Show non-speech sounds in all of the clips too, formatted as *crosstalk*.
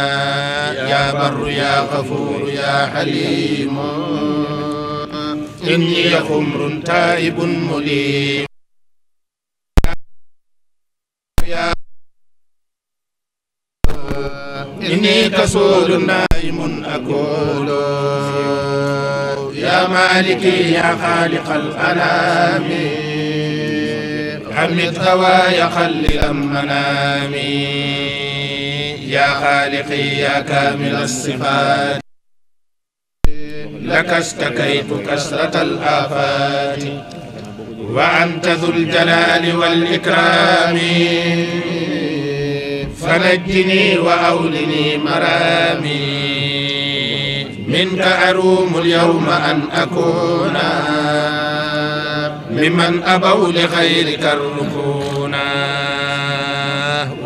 يا بر يا غفور يا حليم إني خمر تائب مليم إني كسول نائم أقول يا مالكي يا خالق الأنام حمد هواي خلل أم منامي يا خالقي يا كامل الصفات لك اشتكيت كسرة الآفات وأنت ذو الجلال والإكرام فنجني وأولني مرامي منك أروم اليوم أن أكون ممن أبوا لغيرك الركون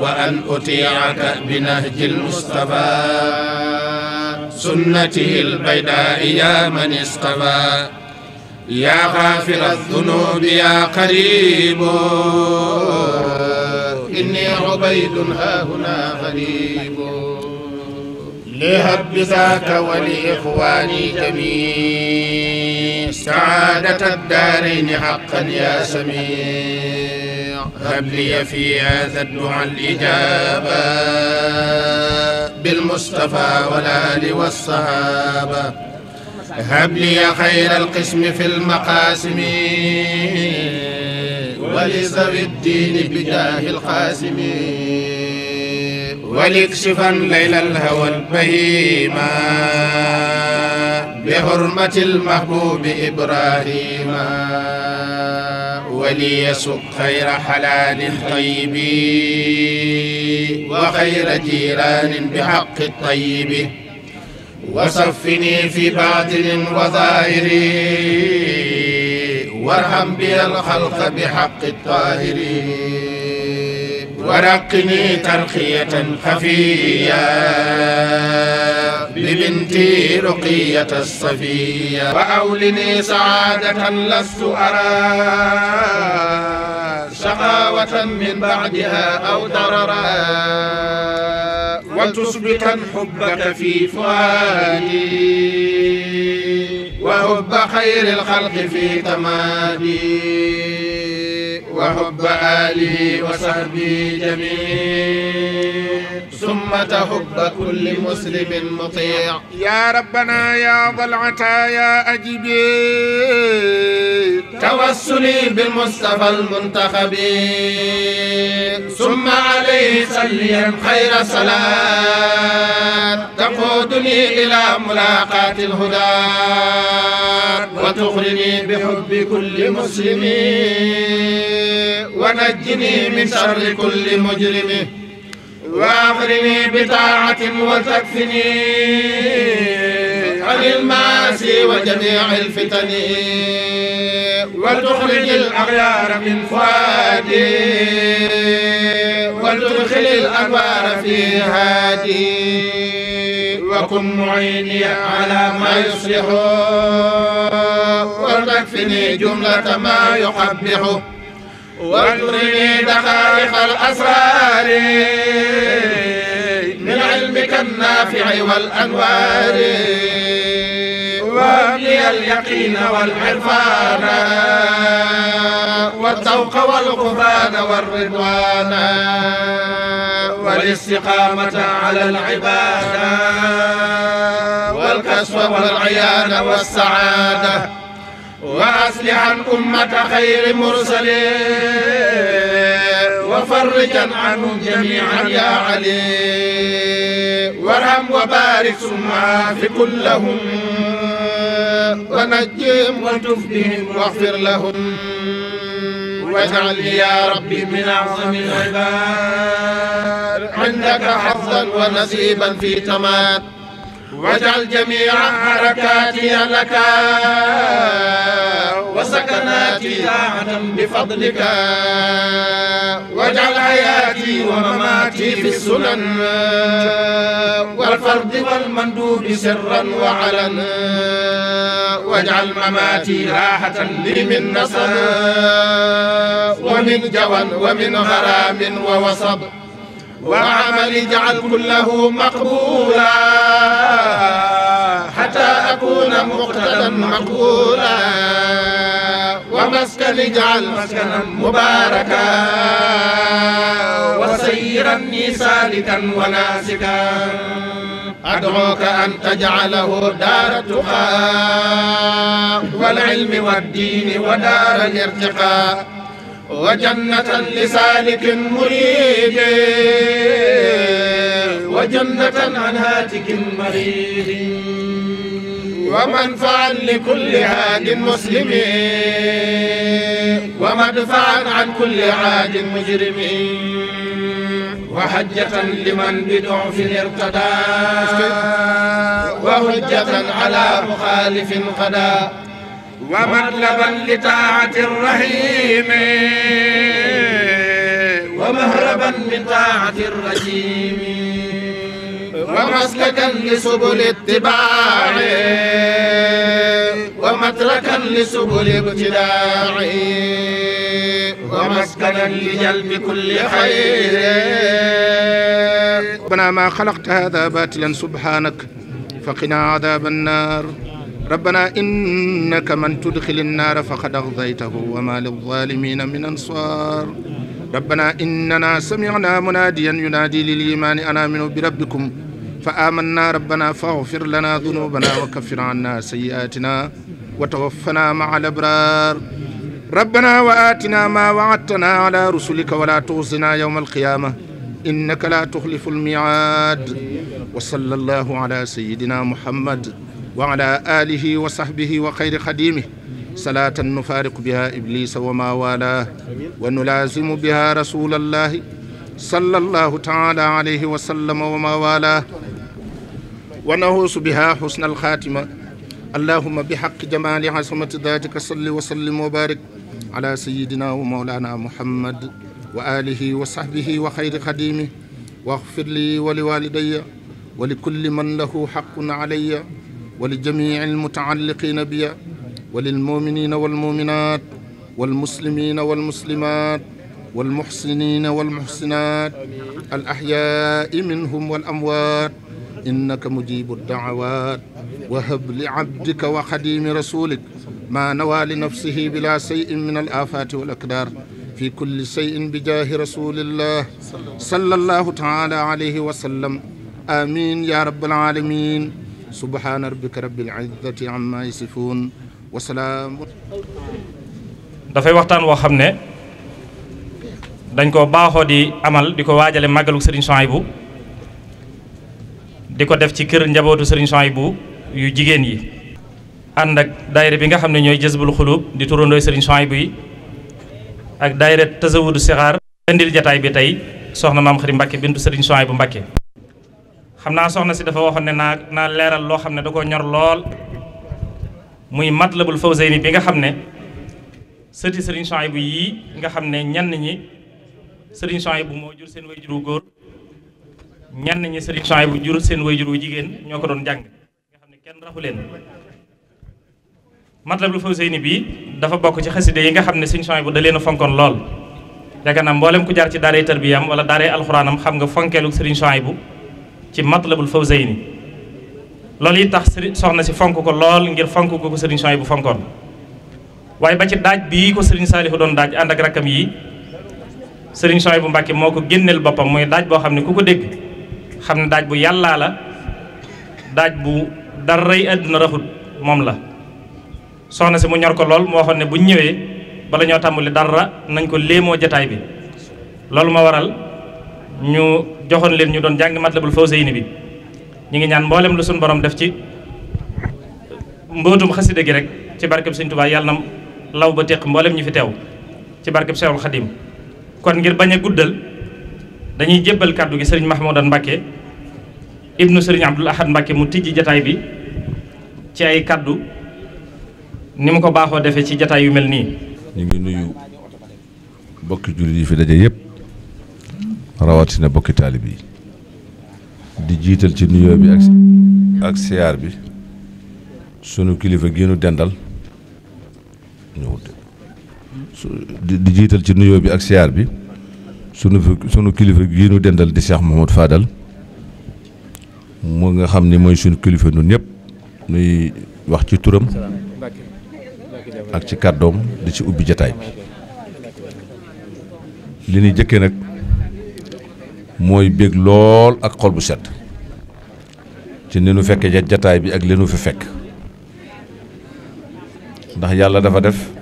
وأن أطيعك بنهج المصطفى سنته البيداء يا من اصطفى يا غافر الذنوب يا قريب إني عبيد ها هنا غريب لهب ذاك ولإخواني جميع سعادة الدارين حقا يا سمير هب لي في هذا الدعاء الإجابة بالمصطفى والآل والصحابة هب لي خير القسم في المقاسم ولذوي الدين بجاه القاسم ولكشفا ليل الهوى البهيما بحرمة المحبوب إبراهيما وليسق خير حلال طيب وخير جيران بحق الطيب وصفني في باطن وظاهر وارحم بي الخلق بحق الطاهرين ورقني ترقية خفية ببنتي رقية الصفية وأولني سعادة لست أرى شقاوة من بعدها أو ضررا وتسبقا حبك في فؤادي وحب خير الخلق في تمادي وحب آله وصحبه جميعا ثم تهب كل مسلم مطيع يا ربنا يا ضلعتا يا أجبي توسلي بالمصطفى المنتخب ثم عليه صليا خير صلاة تقودني إلى ملاقاة الهدى وتغرني بحب كل مسلم ونجني من شر كل مجرم واغرني بطاعة وتكفني عن الماسي وجميع الفتن وتخرج الأغيار من فؤادي وتدخل الأنوار في هادي وكن معيني على ما يصلح وتكفني جملة ما يقبح واكرمي دقائق الأسرار من علمك النافع والأنوار وابني اليقين والعرفان والذوق والغفران والرضوان والاستقامة على العبادة والكسوة والعيان والسعادة وأصلحا أمة خير مرسلين وفرجا عنهم جميعا يا علي وارحم وبارك سمعا في كلهم ونجهم وتف بهم واغفر لهم واجعل يا ربي من أعظم العباد عندك حظا ونصيبا في تمام واجعل جميع حركاتي لك وسكناتي داعنا بفضلك واجعل حياتي ومماتي في السنن والفرد والمندوب سرا وعلنا واجعل مماتي راحة لي من نصب ومن جوى ومن غرام ووصب وعمل اجعل كله مقبولا أكون مقتدا مقبولا ومسكن اجعل مسكنا مباركا وسيرا سالكا وناسكا أدعوك أن تجعله دار التقى والعلم والدين ودار الارتقاء وجنة لسالك مريد وجنة عن هاتك مريد ومنفعا لكل عاد مسلم ومدفعا عن كل عاد مجرم وحجة لمن بضعف ارتدى وحجة على مخالف قدى ومطلبا لطاعة الرحيم ومهربا من طاعة الرجيم ومسلكا لسبل اتباع ومتركا لسبل ابتداع ومسكنا لجلب كل خير ربنا ما خلقت هذا باتلا سبحانك فقنا عذاب النار ربنا إنك من تدخل النار فقد أغضيته وما للظالمين من أنصار ربنا إننا سمعنا مناديا ينادي للإيمان أنا من بربكم فآمنا ربنا فاغفر لنا ذنوبنا وكفر عنا سيئاتنا وتوفنا مع الأبرار ربنا وآتنا ما وعدتنا على رسلك ولا تغزنا يوم القيامة إنك لا تخلف الميعاد وصلى الله على سيدنا محمد وعلى آله وصحبه وخير خديمه صلاة نفارق بها إبليس وما والاه ونلازم بها رسول الله صلى الله تعالى عليه وسلم وما والاه ونعوذ بها حسن الخاتمة اللهم بحق جمال عصمة ذاتك صل وسلم وبارك على سيدنا ومولانا محمد وآله وصحبه وخير خديمه واغفر لي ولوالدي ولكل من له حق علي ولجميع المتعلقين بي وللمؤمنين والمؤمنات والمسلمين والمسلمات والمحسنين والمحسنات الأحياء منهم والأموات إنك مجيب الدعوات وهب لعبدك وخديم رسولك ما نوى لنفسه بلا شيء من الآفات والأقدار في كل شيء بجاه رسول الله صلى الله تعالى عليه وسلم آمين يا رب العالمين سبحان ربك رب العزة عما يصفون وسلام dafay waxtaan woo xam ne dañ ko baaxoo di amal di ko waajale màggalu Sëriñ di ko def ci kër njabootu sëriñ Souhaïbou yu jigéen yi ànd ak daayira bi nga xam ne ñooy jësbul xulub di turandooy sëriñ Souhaïbou buy ak daayira tasawudu sixaar indil jataay bi tey soxna maam xarit Mbacke bintu sëriñ bu Mbacke xam naa soxna si dafa waxoon ne naa naa leeral loo xam ne da koo ñor lool muy matlabul fawzayni bi nga xam ne sëti sëriñ Souhaïbou yii nga xam ne ñenn ñi sëriñ Souhaïbou moo jur seen way juru góor ñenn nañu sëriñ Chouaïb bu jur seen way jur wu jigéen ñoo ko doon jàng nga xam ne kenn raxu leen Matlabul Fawzayni bi dafa bokk ci xaside yi nga xam ne sëriñ Chouaïb bu da leen a fonkoon lool yaakaar naa mboolem ku jaar ci daaray tarbiyaam wala daaray alxuraanam xam nga fonkeelu sëriñ Chouaïb bu ci Matlabul Fawzayni loolu yi tax sëriñ soxna si fonk ko lool ngir fonk ko ko sëriñ Chouaïb bu fonkoon waaye ba ci daaj bii ko sëriñ Saalihu doon daaj ànd ak rakkam yi sëriñ Chouaïb bu Mbàkke moo ko génneel boppam mooy daaj boo xam ne ku ko dégg xamne daj bu yalla la daj bu dar ray aduna rafut mom la soxna ci mu ñor ko lol mo xone bu ñewé bala ñoo tàmbali dara nañ ko lemo jotaay bi lol ma waral ñu joxon leen ñu doon jang Matlabul Fawzayni bi ñi ngi ñaan mbollem lu sun borom def ci mbotum khassida gi rek ci barkam seigne touba yalla na law ba tek mbollem ñu fi tew ci barkam Seexul khadim kon ngir baña guddal dañuy jébbal kàddu gi sëriñ Mahmoudan Mbacke ibnu sëriñ Abdul Ahad Mbacke mu tijji jataay bi ci ay kàddu ni mu ko baaxoo defee ci jataay yu mel nii. ñu ngi nuyu bokki jullit yi fi daje yëpp rawatina bokki taalib yi di jiital ci nuyoo bi ak siyaar bi sunu kilifa gi dendal ñu di jiital ci nuyoo bi ak siyaar bi. sunu sunu kilifa yi nu dendal di Cheikh Mouhamadou Fadal mu nga xam ni mooy sunu kilifa nun ñëpp nuy wax ci turam ak ci kàddoom di ci ubbi jataay bi li ñuy jëkkee nag mooy bég lool ak xol bu set ci ni nu fekkee jataay bi ak li fi fekk ndax yàlla dafa def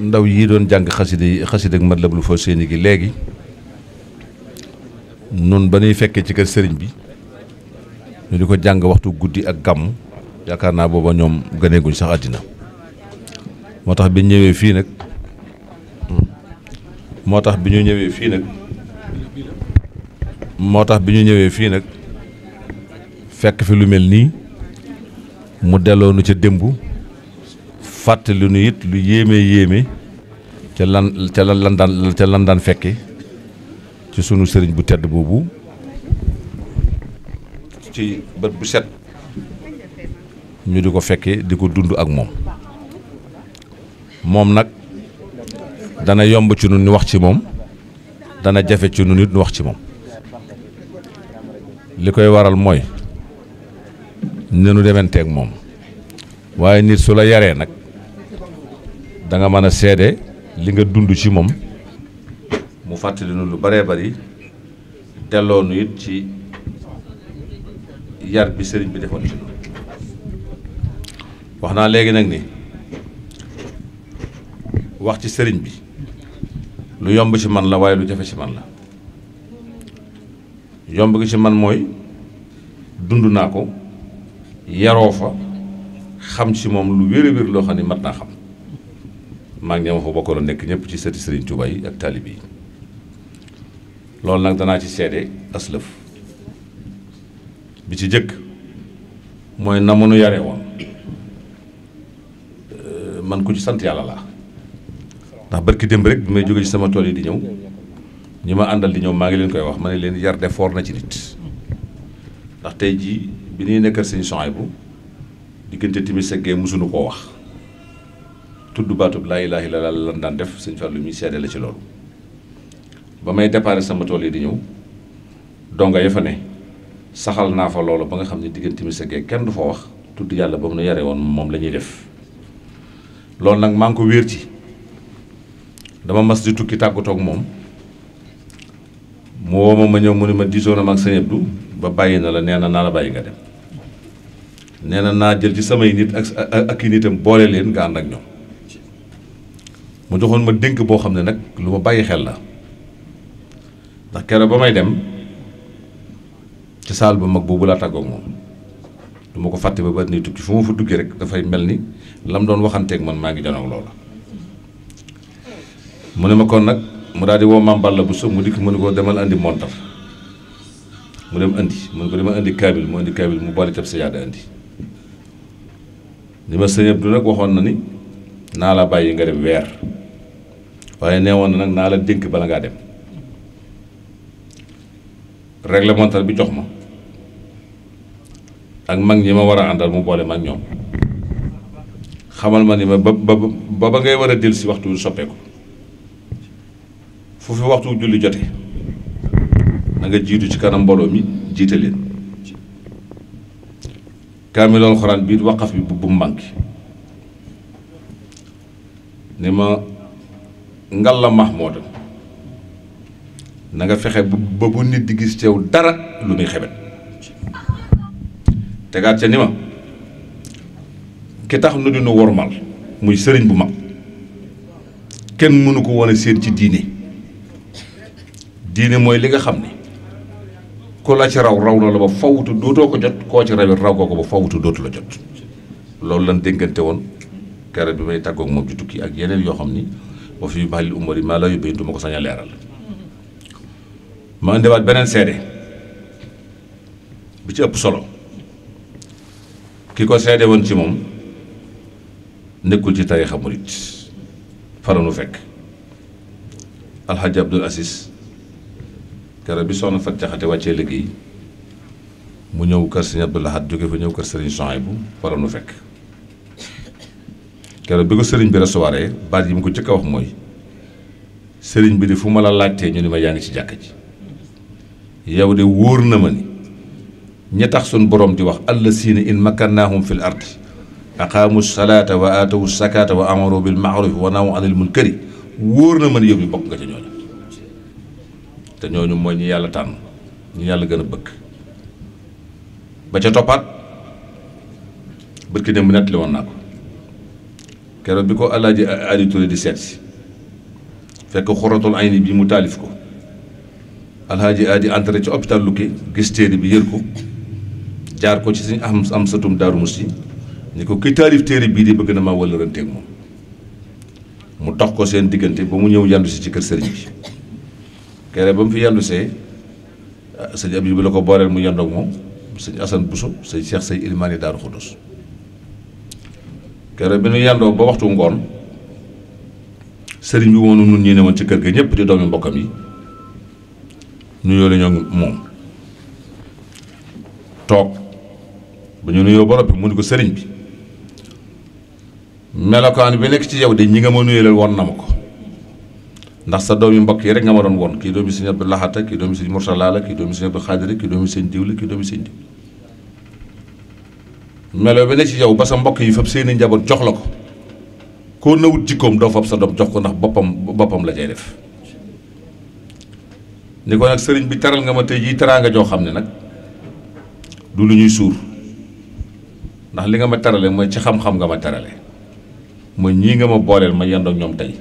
ndaw yi doon jàng xasida yi xasida ak Matlabul Fawzayni gi léegi noonu ba ñuy fekkee ci kër sëriñ bi ñu di ko jàng waxtu guddi ak gàmm yaakaar naa booba ñoom gëneeguñ sax àddina moo tax bi ñëwee fii nag moo tax bi ñu ñëwee fii nag moo tax bi ñu ñëwee fii nag fekk fi lu mel nii mu delloo nu ca démb fàttali nu it lu yéeme yéeme ca lan ca lan daan ca fekke ci sunu sëriñ bu tedd boobu ci bët bu set ñu di ko fekke di ko dund ak moom moom nag dana yomb ci nun ñu wax ci moom dana jafe ci nun it ñu wax ci moom li koy waral mooy nenu dementeeg moom waaye nit su la yaree nag danga mën a seede li nga dund ci moom mu fàttali nu lu baree bari delloonu it ci yar bi sëriñ bi defoon ci wax naa léegi nag ni wax ci sëriñ bi lu yomb ci man la waaye lu jafe ci man la yomb gi ci man mooy dund naa ko yaroo fa xam ci moom lu wér a wér loo xam ne mat naa xam maag ña ma fa bokkoon nekk ñëpp ci sëti Serigne Touba yi ak taalib yi loolu nag danaa ci seede aslëf bi ci jëkk mooy na mënu yare woon euh, man ku ci sant yàlla laa ndax ki démb rek bi may jóge ci sama tool yi di ñëw ñi ma àndal di ñëw maa ngi leen koy wax ma ne leen yar de foor na ci nit ndax tey jii bi ñuy nekkal sëñ Souhaïbou diggante timis seggee mësuñu koo wax tuddu baatub la ilaha illallah lan dan def seigne fallu mi sédélé ci loolu ba may déparé sama tolé di ñew donga ya fa ne saxal na fa loolu ba nga xamni digënté mi sa kenn du fa wax tuddu yalla ba mu ne yare won moom def loolu nak ma ngi ko wër ci dama mas di tukki tagu tok mom mo wama ma ñew mu ne ma disona na ma ak Abdou ba bàyyi na la néna na la bàyyi nga dem néna na jël ci samay nit ak ak nitam bolé leen ga and ak ñom mu joxoon ma dénk boo xam ne nag lu ma bàyyi xel la ndax keroog ba may dem ci saal bu mag boobu laa tàggoog moom du ma ko fàtte ba ba ni tukki fu ma fa duggee rek dafay mel ni lam doon waxanteek man maa ngi janoog loola mu ne ma kon nag mu daal di woo maam Balla bu sëb mu dikk mu ne ko demal andi montar mu dem indi mu ne ko demal andi kaabil mu andi kaabil mu boole itam sa yaada andi li ma sëñ Abdou nag waxoon na ni naa laa bàyyi nga dem weer waaye nee woon na nag naa la dénk bala ngaa dem réglementaire bi jox ma ak mag ñi ma war a àndal mu boole mag ñoom xamal ma ni ma ba ba ba ngay war a dellu si waxtu soppeeku fu fi waxtu julli jote na nga jiitu ci kanam mbooloo mi jiite leen kaamil alxuraan bi waqaf bi bu bu mbànk ni ma ngal Ngalla Mahmoud na nanga fexe ba bu nit di gis teew dara lu muy xebet tegaat ca ni ma ki tax nu dinu wormal muy sëriñ bu mag kenn mënu ko woon a séen ci diine diine mooy li nga xam ni ku la ci raw raw na la ba fawutu dootoo ko jot koo ci rawit raw koo ko ba fawutu dootu la jot loolu lan dénkante woon keroog bi may tàggoog moom ci tukki ak yeneen yoo xam ni wa fi mahali umari maa la yóbbee du ma ko sañ a leeral ma indiwaat beneen seede bi ci ëpp solo ki ko seede woon ci moom nekkul ci tarixa murit faranu fekk alxaaji abdul asis keroog bi soxna fat jaxate wàccee liggéey mu ñëw kër sëriñ abdul ahad jóge fa ñëw kër sëriñ Sohaybu faranu fekk kéro bi ko sëriñ bi recevoir baat yi mu ko njëkk a wax mooy sëriñ bi di fu ma la laajtee ñu ni ma yaa ngi ci jàkk ji yow de wóor na ma ni ña tax suñ borom di wax àlla allasiina in makkannaahum fi l ard aqaamu salaata wa aatawu sakaata wa amaru bil maaruf wa nahu anil munkari wóor na ma ni yow bi bokk nga ci ñooñu te ñooñu mooy ñu yàlla tànn ñu yàlla gën a bëgg ba ca toppaat bët dem bi nettali woon naa ko keroog bi ko Alaaji Ari Touré di seet si fekk xoratul ay ni bi mu taalif ko alhaaji aadi entré ci hôpital Lukke gis téere bi yër ko jaar ko ci suñu am am satum daaru musti ni ko ki taalif téere bii de bëgg na maa wala renteeg moom mu dox ko seen diggante ba mu ñëw yandu si ci kër sëriñ bi keroog ba mu fi yandu see sëñ Abib la ko booleel mu yandoo moom sëñ Assane Bousso sëñ Cheikh say ilmaani daaru Xudus keroog bi nu yendoo ba waxtu ngoon sëriñ bi woonu nun ñi ne woon ci kër gi ñëpp di doomi mbokkam yi nuyoo la moom toog ba ñu nuyoo ba bi mu ni ko sëriñ bi melokaan bi nekk ci yow de ñi nga ma nuyoo leen woon na ma ko ndax sa doom yi mbokk yi rek nga ma doon woon kii doomi sëñ Abdou Lahad kii doomi sëñ Murtala la kii doomi sëñ Abdou Xaadir kii doomi sëñ diw la kii doomi sëñ diw melo bi ne ci yow ba sa mbokk yi fab seeni njaboot jox la ko koo nawut jikkoom doo fab sa doom jox ko ndax boppam boppam la jee def ni ko nag sëriñ bi teral nga ma tey jii teraanga joo xam ne nag du lu ñuy suur ndax li nga ma tarale mooy ci xam-xam nga ma terale mooy ñii nga ma booleel ma yendoo ñoom tey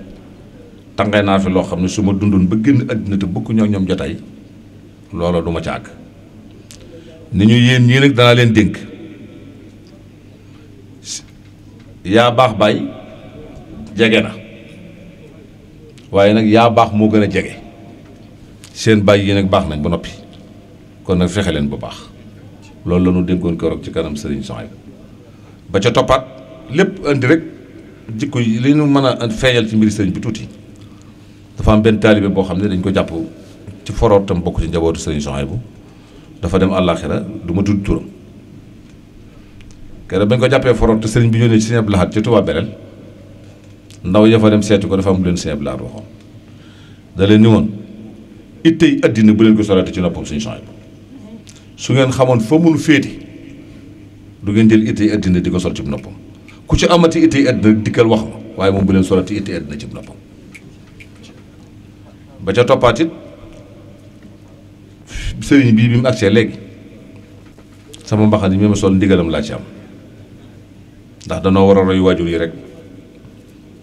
tànqee naa fi loo xam ne su ma dundoon ba génn àddina te bokk ñoo ñoom jotaay loola du ma ca àgg ni ñu yéen ñii nag danaa leen dénk yaa baax baay jege na waaye nag yaa baax moo gën a jege seen baay yi nag baax nañ ba noppi kon nag fexe leen bu baax loolu la ñu dénkoon keroog ci kanam sëriñ Soxayb ba ca toppaat lépp indi rek jikko yi li ñu mën a feeñal ci mbiri sëriñ bu tuuti dafa am benn taalibe boo xam ne dañ ko jàpp ci forootam bokk ci njabootu sëriñ Soxayb bu dafa dem àllaaxira du ma turam keroog bañ ko jàppee forot te sëriñ bi yónnee ci Sëñ Abdou Lahad ci Touba ndaw ya fa dem seeti ko dafa am lu leen Sëñ Abdou Lahad waxoon da ni woon ittey addina bu leen ko soreete ci noppam suñu changement su ngeen xamoon fa mun féeti du ngeen jël ittey addina di ko sol ci noppam ku ci amati ittey addina dikkal di ma waaye moom bu leen soreete ittey addina ci noppam ba ca toppaat it bii bi mu agsee léegi sama mbaxal yi mi ma sol ndigalam laa ci am ndax danoo war a roy waajur yi rek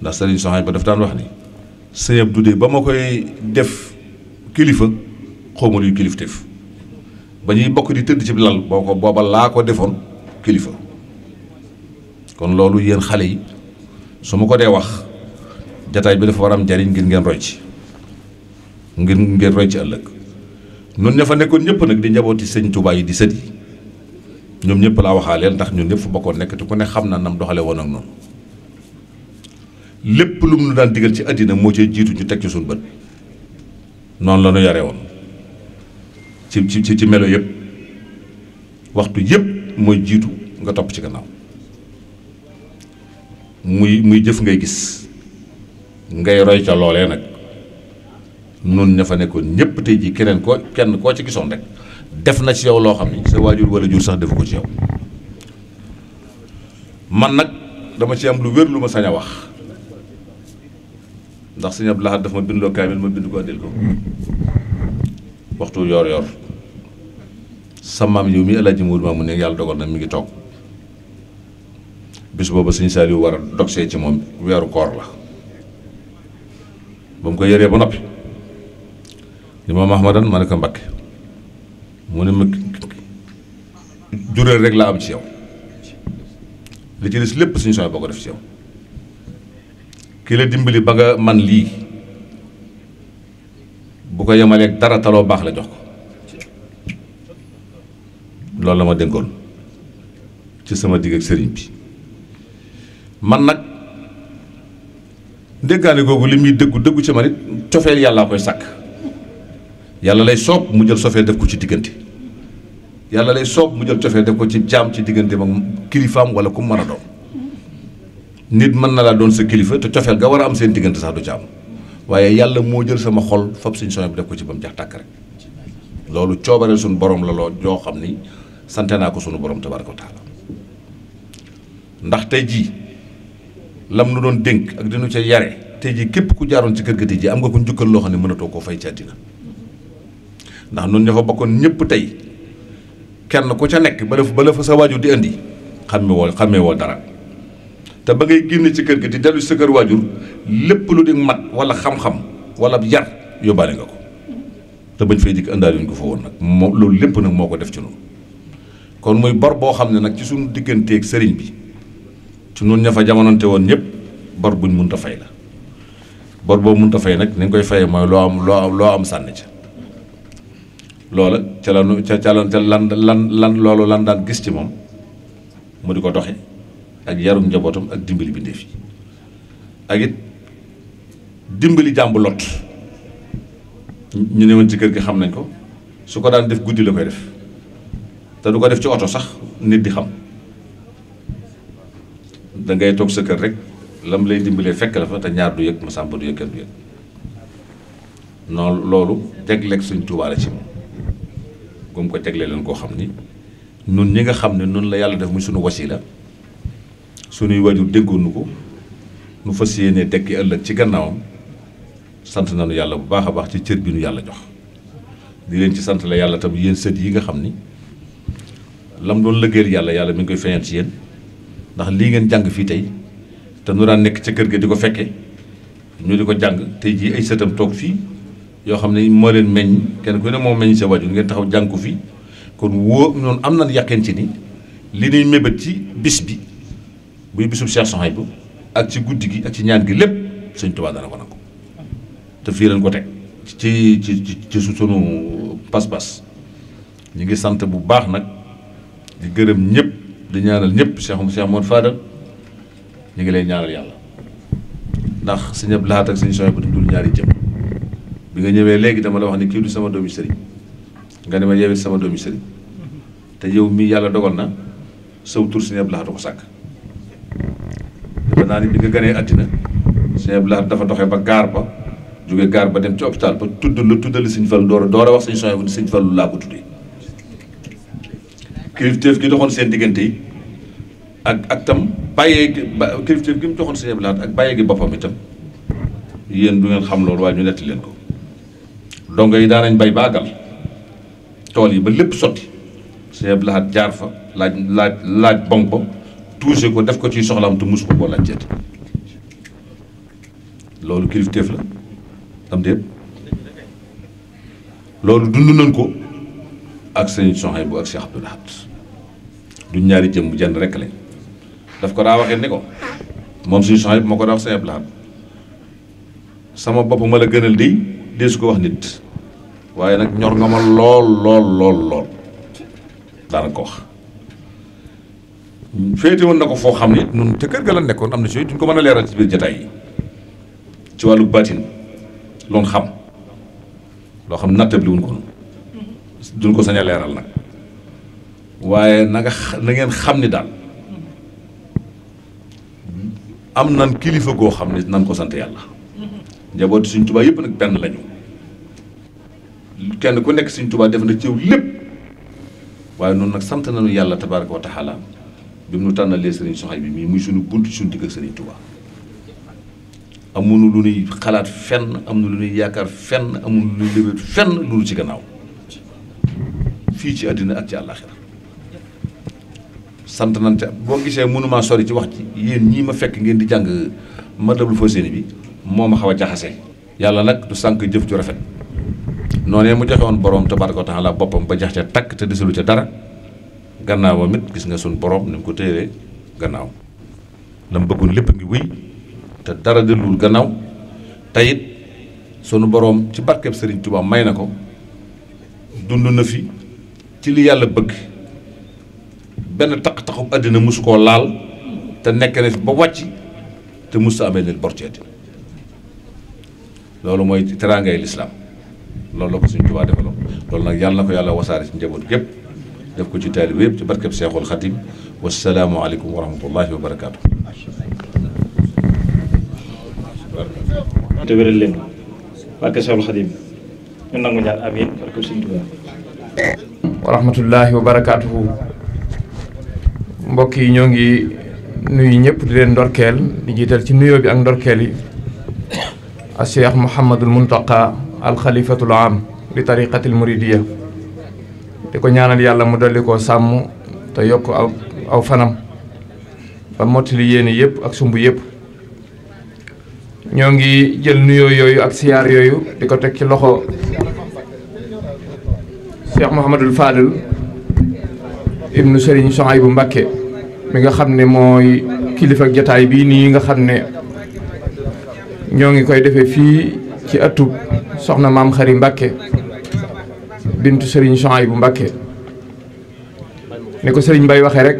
ndax sëriñ Soxna ba daf daan wax ni sëñ Abdou de ba ma koy def kilifa xawma luy kilifteef ba ñuy bokk di tëdd ci lal boo ko booba laa ko defoon kilifa kon loolu yéen xale yi su ma ko dee wax jataay bi dafa war am jariñ ngir ngeen roy ci ngir ngeen roy ci ëllëg noonu ña fa nekkoon ñëpp nag di njabooti sëñ Tuubaa yi di sët yi ñoom ñëpp laa waxaaleel ndax ñun ñëpp fu bokkoon nekk te ku ne xam na nam doxale woon ak noonu lépp lu mu daan digal ci àddina moo ci jiitu ñu teg ci suñu bët noonu la ñu yare woon ci ci ci melo yëpp waxtu yëpp mooy jiitu nga topp ci gannaaw muy muy jëf ngay gis ngay roy ca loolee nag noonu ña fa nekkoon ñëpp tey ji keneen koo kenn koo ci gisoon rek def na ci yow loo xam ni sa wajur wala jur sax def ko ci yow man nag dama ci am lu wér lu ma sañ a wax ndax sëñ Abdou daf ma bindloo kaamil ma bind ko andil ko waxtu yor yor sa mam yow mi Alaaji Muur Maamu ne yalla dogal na mi ngi tok bis bobu seigne Saliou wara a dogsee ci mom weeru koor la bam ko yëree ba nopi li ma Mahmadan ma moo ne ma juréel rek la am ci yow li ci des lépp suñu sooy boo ko def ci yow kii la dimbali ba nga man lii bu ko yemaleeg dara taloo baax la jox ko loolu la ma dénkoon ci sama digg ak sëriñ bi man nag ndénkaane googu li muy dëggu dëggu ci man it cofeel yàllaa koy sàkk yàlla lay soob mu jël sofeel def ko ci diggante yàlla lay soob mu jël cofee def ko ci jaam ci diggante ak kilifaam wala ku mën a doon nit mën na laa doon sa kilifa te cofeel nga war a am seen diggante sax du jaam waaye yàlla moo jël sama xol fab suñ soñ bi def ko ci ba mu jax tàkk rek loolu coobareel suñu boroom la loo ñoo xam ni sante naa ko suñu borom te wa taala ndax tey jii lam nu doon dénk ak dinu ca yare tey jii képp ku jaaroon ci kër ga tey jii am nga ko njukkal loo xam ne mënatoo koo fay noonu ña fa bokkoon ñëpp tey kenn ku ca nek ba def ba la fa sa wajur di andi xamé wo xamé wo dara te ba ngay ci kër gi di delu sa kër wajur lepp lu di mat wala xam-xam wala yar yo nga ko te bañ fay dik andal ñu ko fa won nak moo loolu lépp nag def ci noonu kon muy bar bo xamné nak ci suñu ak sëriñ bi ci ñun ña fa jamonante won ñëpp Bar buñ mënta fay la bor mën ta fay nak ni koy am lo am lo am sanni ci loola ca lanu ca ca lan lan lan loolu lan daan gis ci moom mu di ko doxe ak yarum njabootam ak dimbali bindéef yi ak it dimbali jàmbu lot ñu newoon ci kër gi xam nañ ko su ko daan def guddi la koy def te du ko def ci oto sax nit di xam dangay toog sa kër rek lam lay dimbalee fekk la fa te ñaar du yëg ma sàmba du yëg kenn du yëg noonu loolu jagleeg suñ tubaale ci moom gom ko tegle leen koo xam ni nun ñi nga xam ne nun la yàlla def muy sunu wasila sunuy wajur déggoonu ko nu fas yéene tekki ëllëg ci gannaawam sant nañu yàlla bu baax a baax ci cër bi nu yàlla jox di leen ci sant la yàlla tam yéen sët yi nga xam ni lam doon lëggéeyal yàlla yàlla mi ngi koy feeñal ci yéen ndax lii ngeen jàng fii tey te nu daan nekk ci kër gi di ko fekke ñu di ko jàng tey jii ay sëtam toog fii yo xamne mo len meñ ken ku ne mo meñ sa wajur ngeen taxaw jàng fi kon wo non amna yakken ci ni li ni mébét ci bis bi bu bisu Cheikh Souhaïbou ak ci guddi gi ak ci ñaan gi lepp seigne touba dara ko nako te fi lañ ko tek ci ci ci sunu pass pass ñi ngi sante bu baax nak di gëreem ñepp di ñaanal ñepp Cheikh Cheikh mo Fadal ñi ngi lay ñaanal yalla ndax seigne Abdou Lahad ak Sëñ Souhaïbou du dul ñaari jëm bi nga ñëwee léegi dama la wax ni kii du sama doomi sëriñ nga ne ma yeewit sama doomi sëriñ te yow mii yàlla dogal na saw tur Sëñ Abdou Lahad ko sàkk defe naa ni bi nga ganee àddina Sëñ Abdou dafa doxe ba gaar ba jóge gaar ba dem ci hôpital ba tudd lu tuddali Sëñ Fallu door a door a wax Sëñ Sohaybu ni Sëñ Fallu laa ko tuddee kilifteef gi doxoon seen diggante yi ak ak tam bàyyee gi kilifteef gi mu doxoon Sëñ Abdou Lahad ak bàyyee gi boppam itam yéen du ngeen xam loolu ñu netti leen ko dongo yi daanañ bay ba àggal tool yi ba lépp sotti sëñ Abdou Lahad jaar fa laaj laaj laaj boŋ ba tuuse ko def ko ci soxlaam te musu ko koo laaj ceet loolu kilifteef la am déet loolu dund nañ ko ak sëñ Souhaïbou ak Cheikh Abdou Lahad du ñaari jëm jenn rek lañ daf ko daa waxee ni ko moom sëñ Souhaïbou moo ko daa wax sëñ Abdou sama bopp ma la gënal dey dee su ko wax nit waaye nag ñor nga ma lool lool lool lool daana ko wax féete woon na ko foo xam ne nun te kër ga la nekkoon am na si duñ ko mën a leeral ci biir jataay yi ci wàllu batin loon xam loo xam nattabli wuñ ko duñ ko sañ a leeral nag waaye na nga na ngeen xam ni daal am nan kilifa goo xam ne nan ko sant yàlla njabooti suñ tubaab yëpp nag benn lañu kenn ku nekk Sëriñ Tuubaa def na ci yow lépp waaye noonu nag sant nañu yàlla tabaaraka wa taala bi mu nu tànnalee Sëriñ Soxay bi mii muy sunu bunt suñu digg ak Sëriñ Tuubaa amuñu lu nuy xalaat fenn amuñu lu yaakaar fenn amuñu lu nuy lébét fenn lu nu ci gannaaw fii ci àddina ak ci àllaaxira sant nañ ca boo gisee mënumaa sori ci wax ji yéen ñii ma fekk ngeen di jàng Matlaboul Fawzayni bi moo ma xaw a jaxase yàlla nag du sànq jëf ju rafet noonee mu joxe woon borom tabaaraka taala boppam ba jax ca takk te desalu ca dara gannaawam it gis nga suñ borom ni mu ko téeree gannaaw la mu bëggoon lépp ngi wuy te dara delluwul gannaaw te it sunu borom ci barkeb Serigne Touba may na ko dund na fi ci li yàlla bëgg benn taq-taqub àddina musu koo laal te nekk na fi ba wàcc te mos sa amee leen bor ci àddina loolu mooy teraangay lislaam loolu la ko suñu tuba defaloon loolu nak yalla nako yalla yàlla ci njaboot gep def ko ci taalibe yëpp ci barkeb Seexul Xadim wasalaamu aleykum wa rahmatullahi te wéral leen barke cheikhul Xadim ñu nangu ñaan amiin barkeb suñ Tuubaa wa rahmatullahi wa mbokk yi ñongi nuyu di len ndorkel di jital ci nuyo bi ak ndorkel yi *coughs* a Cheikh mohammedul Muntaqa Al Khalifatul am li tariqatil muridiya di ko ñaanal yalla mu daliko sam te yok aw aw fanam ba mottali yene yep ak sumbu yep ñongi jël nuyo yoyu ak siyar yoyu diko tek ci loxo Cheikh mohammedul Fadil ibnu Serigne Souhaïbou Mbacké mi nga xamne ne kilifa jotaay bi ni nga xamne ñongi koy defé fi ci ëttub soxna maam xari Mbàkke bintu Serigne bu Mbàkke ni ko sëriñ Mbaye waxee rek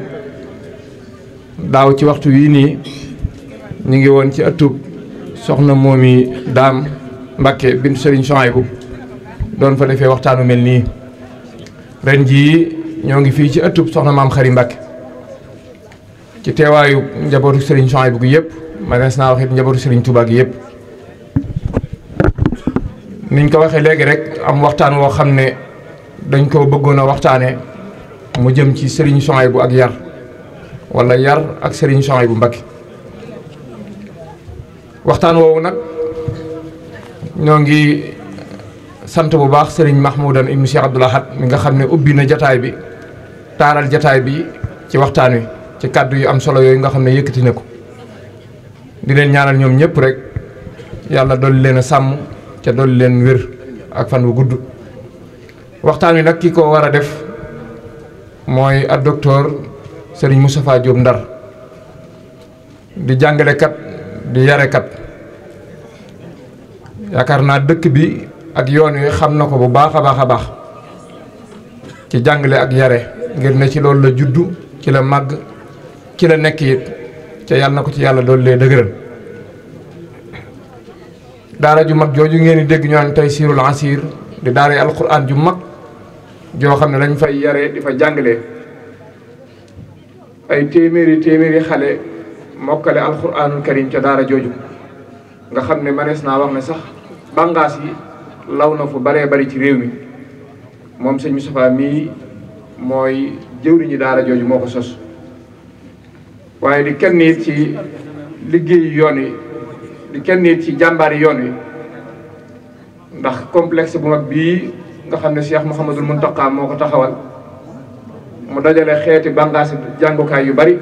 daaw ci waxtu wii nii ñu ngi woon ci ëttub soxna moomi daam Mbàkke bintu Serigne Souhaïbou doon fa defee waxtaanu mel nii ren jii ñoo ngi fii ci ëttub soxna maam xari Mbàkke ci teewaayu njabootu Serigne Souhaïbou gi yëpp ma nees naa wax njabootu Serigne Touba gi yëpp niñ ko waxee léegi rek am waxtaan woo xam ne dañ koo bëggoon a waxtaanee mu jëm ci Serigne Souhaïbou ak yar walla yar ak Serigne bu Mbacké waxtaan woowu nag ñoo ngi sant bu baax sëriñ Mahmoudan ibnu Cheikh Abdoul Ahad mi nga xam ne ubbi na jataay bi taaral jataay bi ci waxtaan wi ci kàddu yu am solo yooyu nga xam ne yëkkati ne ko di leen ñaanal ñoom ñëpp rek yàlla dolli leen sàmm. ca dolli leen wér ak fan wu gudd waxtaan wi nag ki ko war a def mooy ak docteur Serigne Moustapha Diop Ndar di jàngalekat di yarekat yaakaar naa dëkk bi ak yoon wi xam na ko bu baax a baax a baax ci jàngale ak yare ngir ne ci loolu la juddu ci la màgg ci la nekk it ca yàlla na ko ci yàlla doolu lee dëgëral daara ju mag jooju ngeen di dégg ñu naan tey siirul asir di daara alquran ju mag joo xam ne lañ fay yare di fa jàngale ay téeméeri téeméeri xale mokkale alquranul karim ca daara jooju nga xam ne manees naa wax ne sax bàngaas yi law na fu baree bari ci réew mi moom sëñ Moustapha mii mooy jëwriñu daara jooju moo ko sos waaye di kenn it ci liggéeyu yoon yi di kenn ci jàmbaari yoon wi ndax complexe bu mag bii nga xam ne Cheikh Mouhamadul Mountakha moo ko taxawal mu dajale xeeti bàngaas jàngukaay yu bari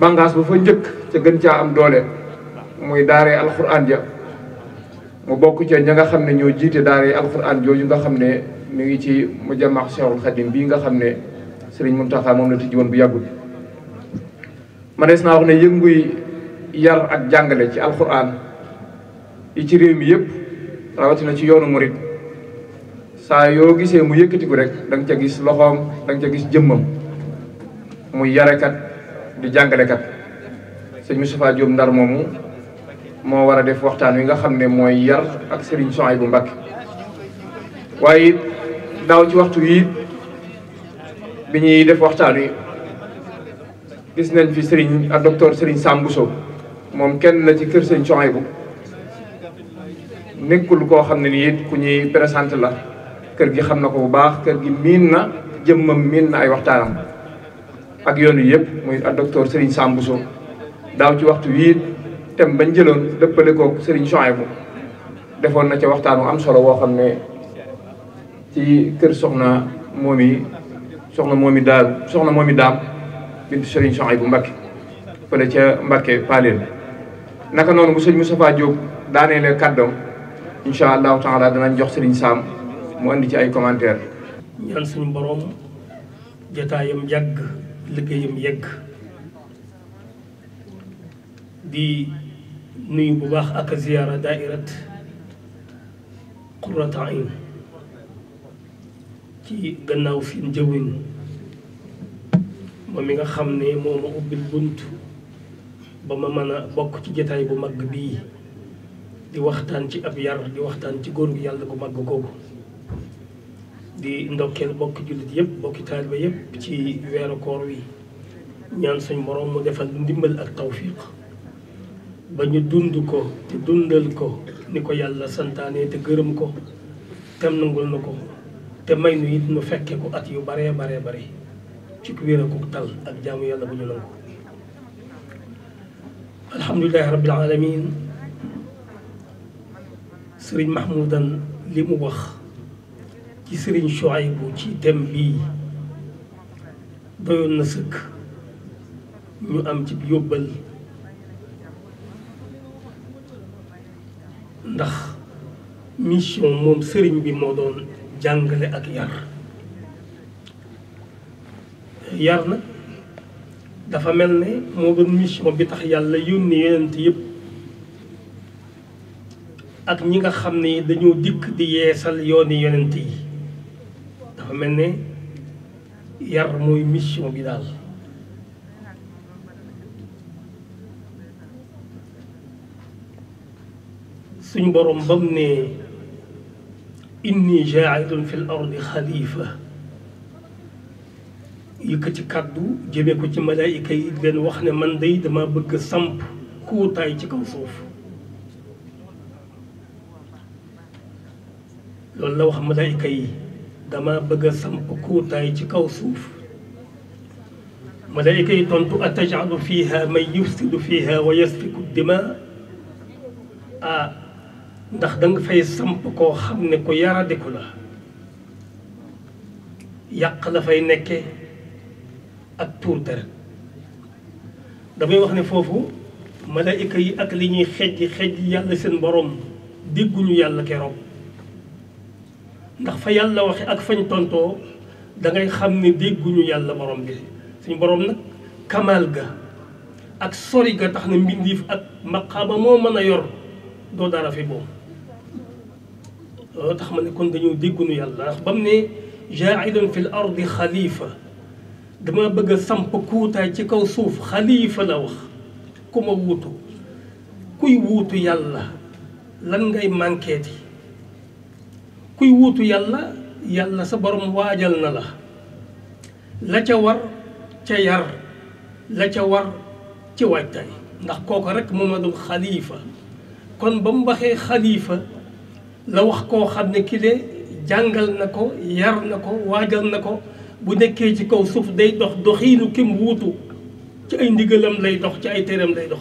bàngaas bu njëkk ca gën am doole muy daaree alxuraan ja mu bokk ca ña nga xam ne ñoo jiite daaree alxuraan jooju nga xam ne mi ngi ci mu jamax Cheikhul Khadim bii nga xam ne Serigne Mountakha moom la tijji woon bu yàggul manees naa wax ne yënguy yar ak jangale ci alquran yi ci rew mi rawati rawatina ci yoonu murid sa yo gisee mu ko rek dang ca gis loxom dang ca gis jëmmam yare kat di kat sëñ Moustapha Diop Ndar momu mo wara def waxtaan wi nga xamne moy yar ak Serigne Souhaïbou bu waaye waye daw ci waxtu yi biñuy def waxtaan wi gis nañ fi Serigne ak docteur Serigne Sam moom kenn la ci kër sëñ Souhaïbou nekkul koo xam ne nii it ku ñuy présenté la kër gi xam na ko bu baax kër gi miin na jëmmam miin na ay waxtaanam ak yoon wi yëpp muy ak docteur Serigne Sam Bousso ci waxtu wii thème bañ jëloon dëppale koog Serigne Souhaïbou defoon na ca waxtaan wu am solo woo xam ne ci kër soxna moom yi soxna moomi daal soxna moom yi daam bintu Serigne Souhaïbou Mbacké fële ca Mbacké Paleel naka noonu bu sëñ Moustapha Diop daaneele kàddoom incha allahu taala danañ jox sëriñ Saam mu andi ci ay commentaire ñaan suñu borom jotaayam yàgg liggéeyam yegg di nuyu bu baax ak ziyaara daairat qurrata ci gannaaw fi jëwin moom mi nga xam ne moo ma ubbil bunt ba ma mën a bokk ci jataay bu mag bii di waxtaan ci ab yar di waxtaan ci góor gu yàlla gu mag googu di ndokkeel bokki jullit yépp bokki ba yépp ci weeru koor wi ñaan suñ moroom mu defal ndimbal ak tawfiq ba ñu dund ko te dundal ko ni ko yàlla santaane te gërëm ko tem nangul na ko te may nu it nu fekke ko at yu baree baree bare ci ku wér ak tal ak jaamu yàlla bu ñu nangu الحمد لله رب العالمين sëriñ Mahmoudan li mu wax ci sëriñ Chouaïbou ci thème bii doyoon na sëkk ñu am ci yóbbal ndax mission moom sëriñ bi moo doon jàngale ak yar yar nag dafa melni mo moo doon mission bi tax yàlla yoni yent yeb ak ñi nga xamni dañu dik di yeesal yoni yent yi dafa melni yar moy mission bi dal suñu borom bam ne inni ja'idun fil ardi xalifa يكتي كادو جيبي كوتي ملايكه يدن واخنا من داي دما بغ سامب كو تاي تي كاو سوف لول لا واخ ملايكه يي دما بغ سامب كو تاي تي كاو سوف ملايكه يي تونتو اتجعل فيها من يفسد فيها ويسفك الدماء ا ندخ دنگ فاي سامب كو خامني كو يارا ديكولا يقلا فاي نيكي ak tuur deret damay wax ne foofu malaayika yi ak li ñuy xejj xejj yàlla seen borom dégguñu yàlla keroog ndax fa yàlla waxe ak fañ tontoo dangay xam ne dégguñu yàlla borom bi suñu borom nag kamaal ga ak sori ga tax na mbindiif ak maqaama moo mën a yor doo dara fi boobu tax ma ne kon dañoo dégguñu yàlla ndax ba mu ne jaa'ilun fil ardi xalifa dama bëgg a samp kuutaay ci kaw suuf xaliifa la wax ku ma wuutu kuy wuutu yàlla lan ngay mànkeeti kuy wuutu yàlla yàlla sa borom waajal na la la ca war ca yar la ca war ci waajtaay ndax kooku rek moo ma dul xaliifa kon ba mu waxee xaliifa la wax koo xam ne ki de jàngal na ko yar na ko waajal na ko bu nekkee ci kaw suuf day dox doxinu kim wutu ci ay ndigalam lay dox ci ay téeram lay dox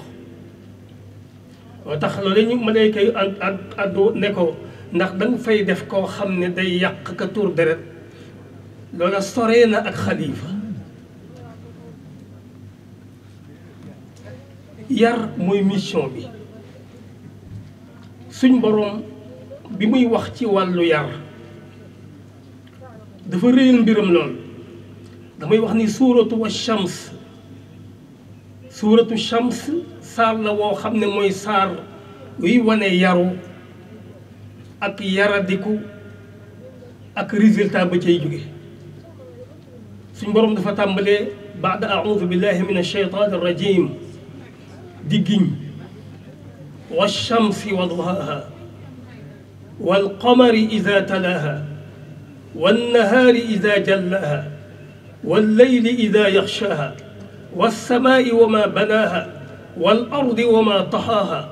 moo tax loolu ñu malayka kay ad addu ne ko ndax dañ fay def ko xamne day yàq ka tour deret loola soree na ak khalifa yar moy mission bi suñ borom bi muy wax ci walu yar dafa reeyal mbiram lool damay wax ni suuratu wa shams suuratu shams saar la woo xam ne mooy saar yuy wane yaru ak yaradiku ak résultat ba cay jóge suñ boroom dafa tàmbalee baada audu billahi min alcheytan arrajim di giñ wa shamsi wa duhaaha wal qamari ida talaaha wal nahaari ida jallaha والليل إذا يغشاها والسماء وما بناها والأرض وما طحاها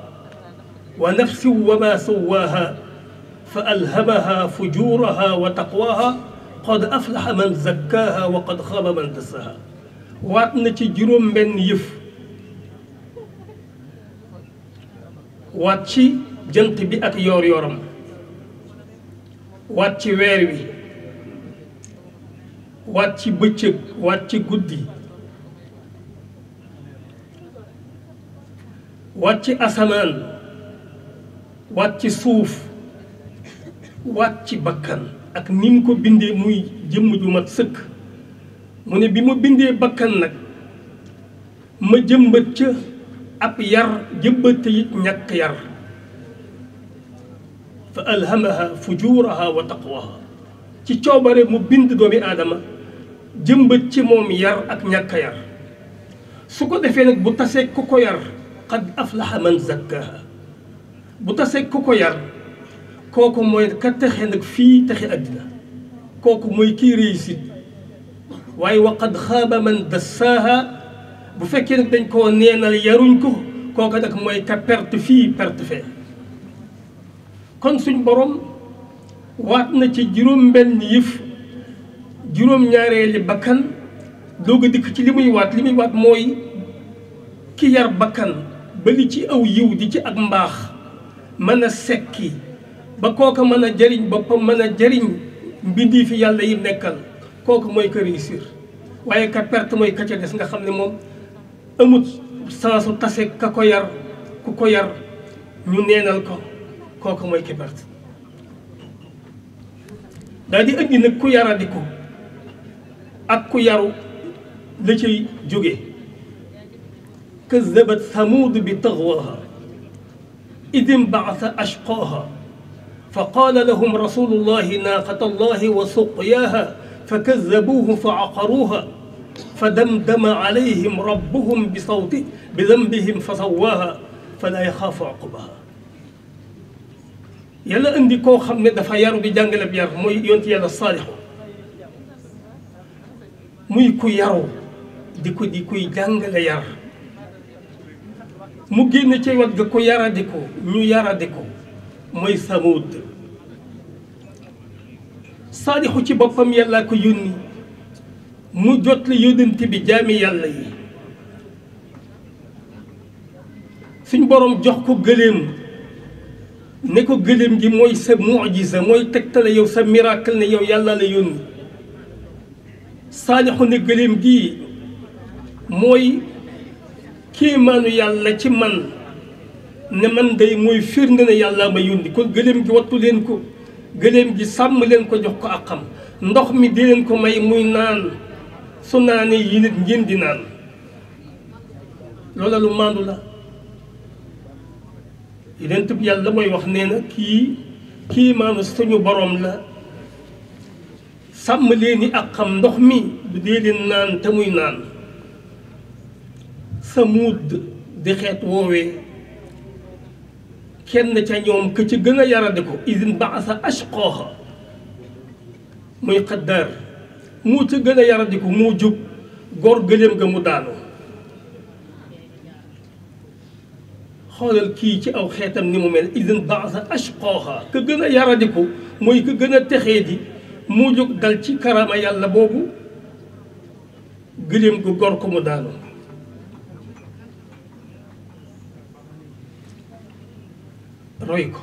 ونفس وما سواها فألهمها فجورها وتقواها قد أفلح من زكاها وقد خاب من دساها waat na بن يف واتشي جنت waat يور يورم واتشي ويروي waat ci bëccëg waat ci guddi waat ci asamaan waat ci suuf waat ci bakkan ak ni ko bindee muy jëmm ju mat sëkk mu ne bi ma bindee bakkan nag ma jëmbat ca ab yar jëmbate it ñàkk yar fa alhamaha fujuraha wa taqwaha ci coobare mu bind doomi aadama jëmbët ci moom yar ak ñàkk a yar su ko defee nag bu tasee ku ko yar bu tasee ku ko yar kooku mooy ka texe nag fii texe àddina kooku mooy kii réussite waaye wa qad xaaba man dassaaha bu fekkee nag dañ koo neenal yaruñ ko kooku nag mooy ka perte fii perte fee kon suñ borom waat na ci juróom-benn yëf juróom-ñaareeli bakkan doog a dikk ci li muy waat li muy waat mooy ki yar bakkan ba li ci aw yiw di ci ak mbaax mën a sekki ba ko mën a jariñ boppam mën a jariñ mbindii fi yàlla yi nekkal kooku mooy ka réussir waaye ka perte mooy ka ca des nga xam ne moom amut sensu tase ka ko yar ku ko yar ñu neenal ko kooku mooy ki perte daal di indi nag ku yaradiku ak ku yaru la ciy jóge كذبت ثمود بطغواها إذ انبعث أشقاها فقال لهم رسول الله ناقة الله وسقياها فكذبوه فعقروها فدمدم عليهم ربهم بصوته بذنبهم فسواها فلا يخاف عقبها يلا عندي كو خمني دا فا يارو بي بيار موي يونت يالا الصالحون muy ku yaru di ko di kuy jàngale yar mu génn ci wet ga ku yaradi ko ñu yaradi ko mooy samuud saadixu ci boppam yàllaa ko yónni mu jot la yónnante bi jaami yàlla yi suñ boroom jox ko gëléem ne ko gëléem gi mooy sa mucjisa mooy tegtale yow sa miracle ne yow yàlla la yónni saalixu ne gëléem gi mooy kéemaanu yàlla ci man ne man day mooy firnde ne yàlla ma yónni kon gëléem gi wattu leen ko gëléem gi sàmm leen ko jox ko ak xam ndox mi di leen ko may muy naan su naanee yi nit di naan loola lu maandu la yeneen yàlla mooy wax nee na kii kii maanu suñu boroom la sàmm leen i ak xam ndox mi bu dee leen naan te muy naan samuud di xeet kenn ca ñoom kë ci gëna a yarade ko izin ba'sa ashqaha muy qaddar mu ci gëna a yarade ko mu jup gor gëlem ga mu daanu xolal ki ci aw xetam ni mu mel izin ba'sa ashqaha ke gëna a yarade ko muy ke gëna texé di mu jóg dal ci karama yàlla boobu gëléem gu gor ko mu daanu roy ko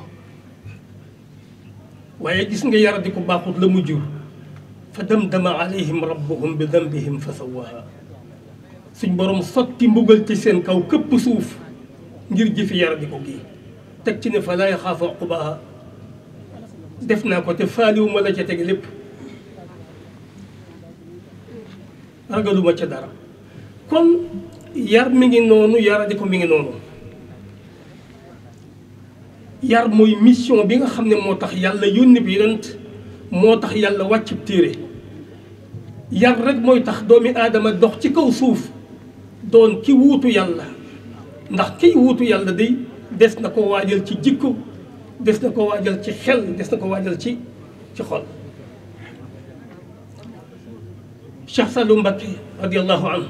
waaye gis nga yara di ko baaxut la mu jur fa damdama alayhim rabbuhum bi dambihim fa sawaha suñ borom sotti mbugal ci seen kaw këpp suuf ngir jëfi yara di ko gii teg ci ne fa laa yaxaafa def naa ko te faaliwuma la ca teg lépp ragaluma ca dara kon yar mi ngi noonu yaradi ko mi ngi noonu yar mooy mission bi nga xam ne moo tax yàlla yónni bi yonent moo tax yàlla wàccub téere yar rek mooy tax doomi aadama dox ci kaw suuf doon ki wuutu yàlla ndax kiy wuutu yàlla day des na ko waajal ci jikko des na ko waajal ci xel des na ko waajal ci ci xol Cheikh Sadou Mbacké radiallahu anhu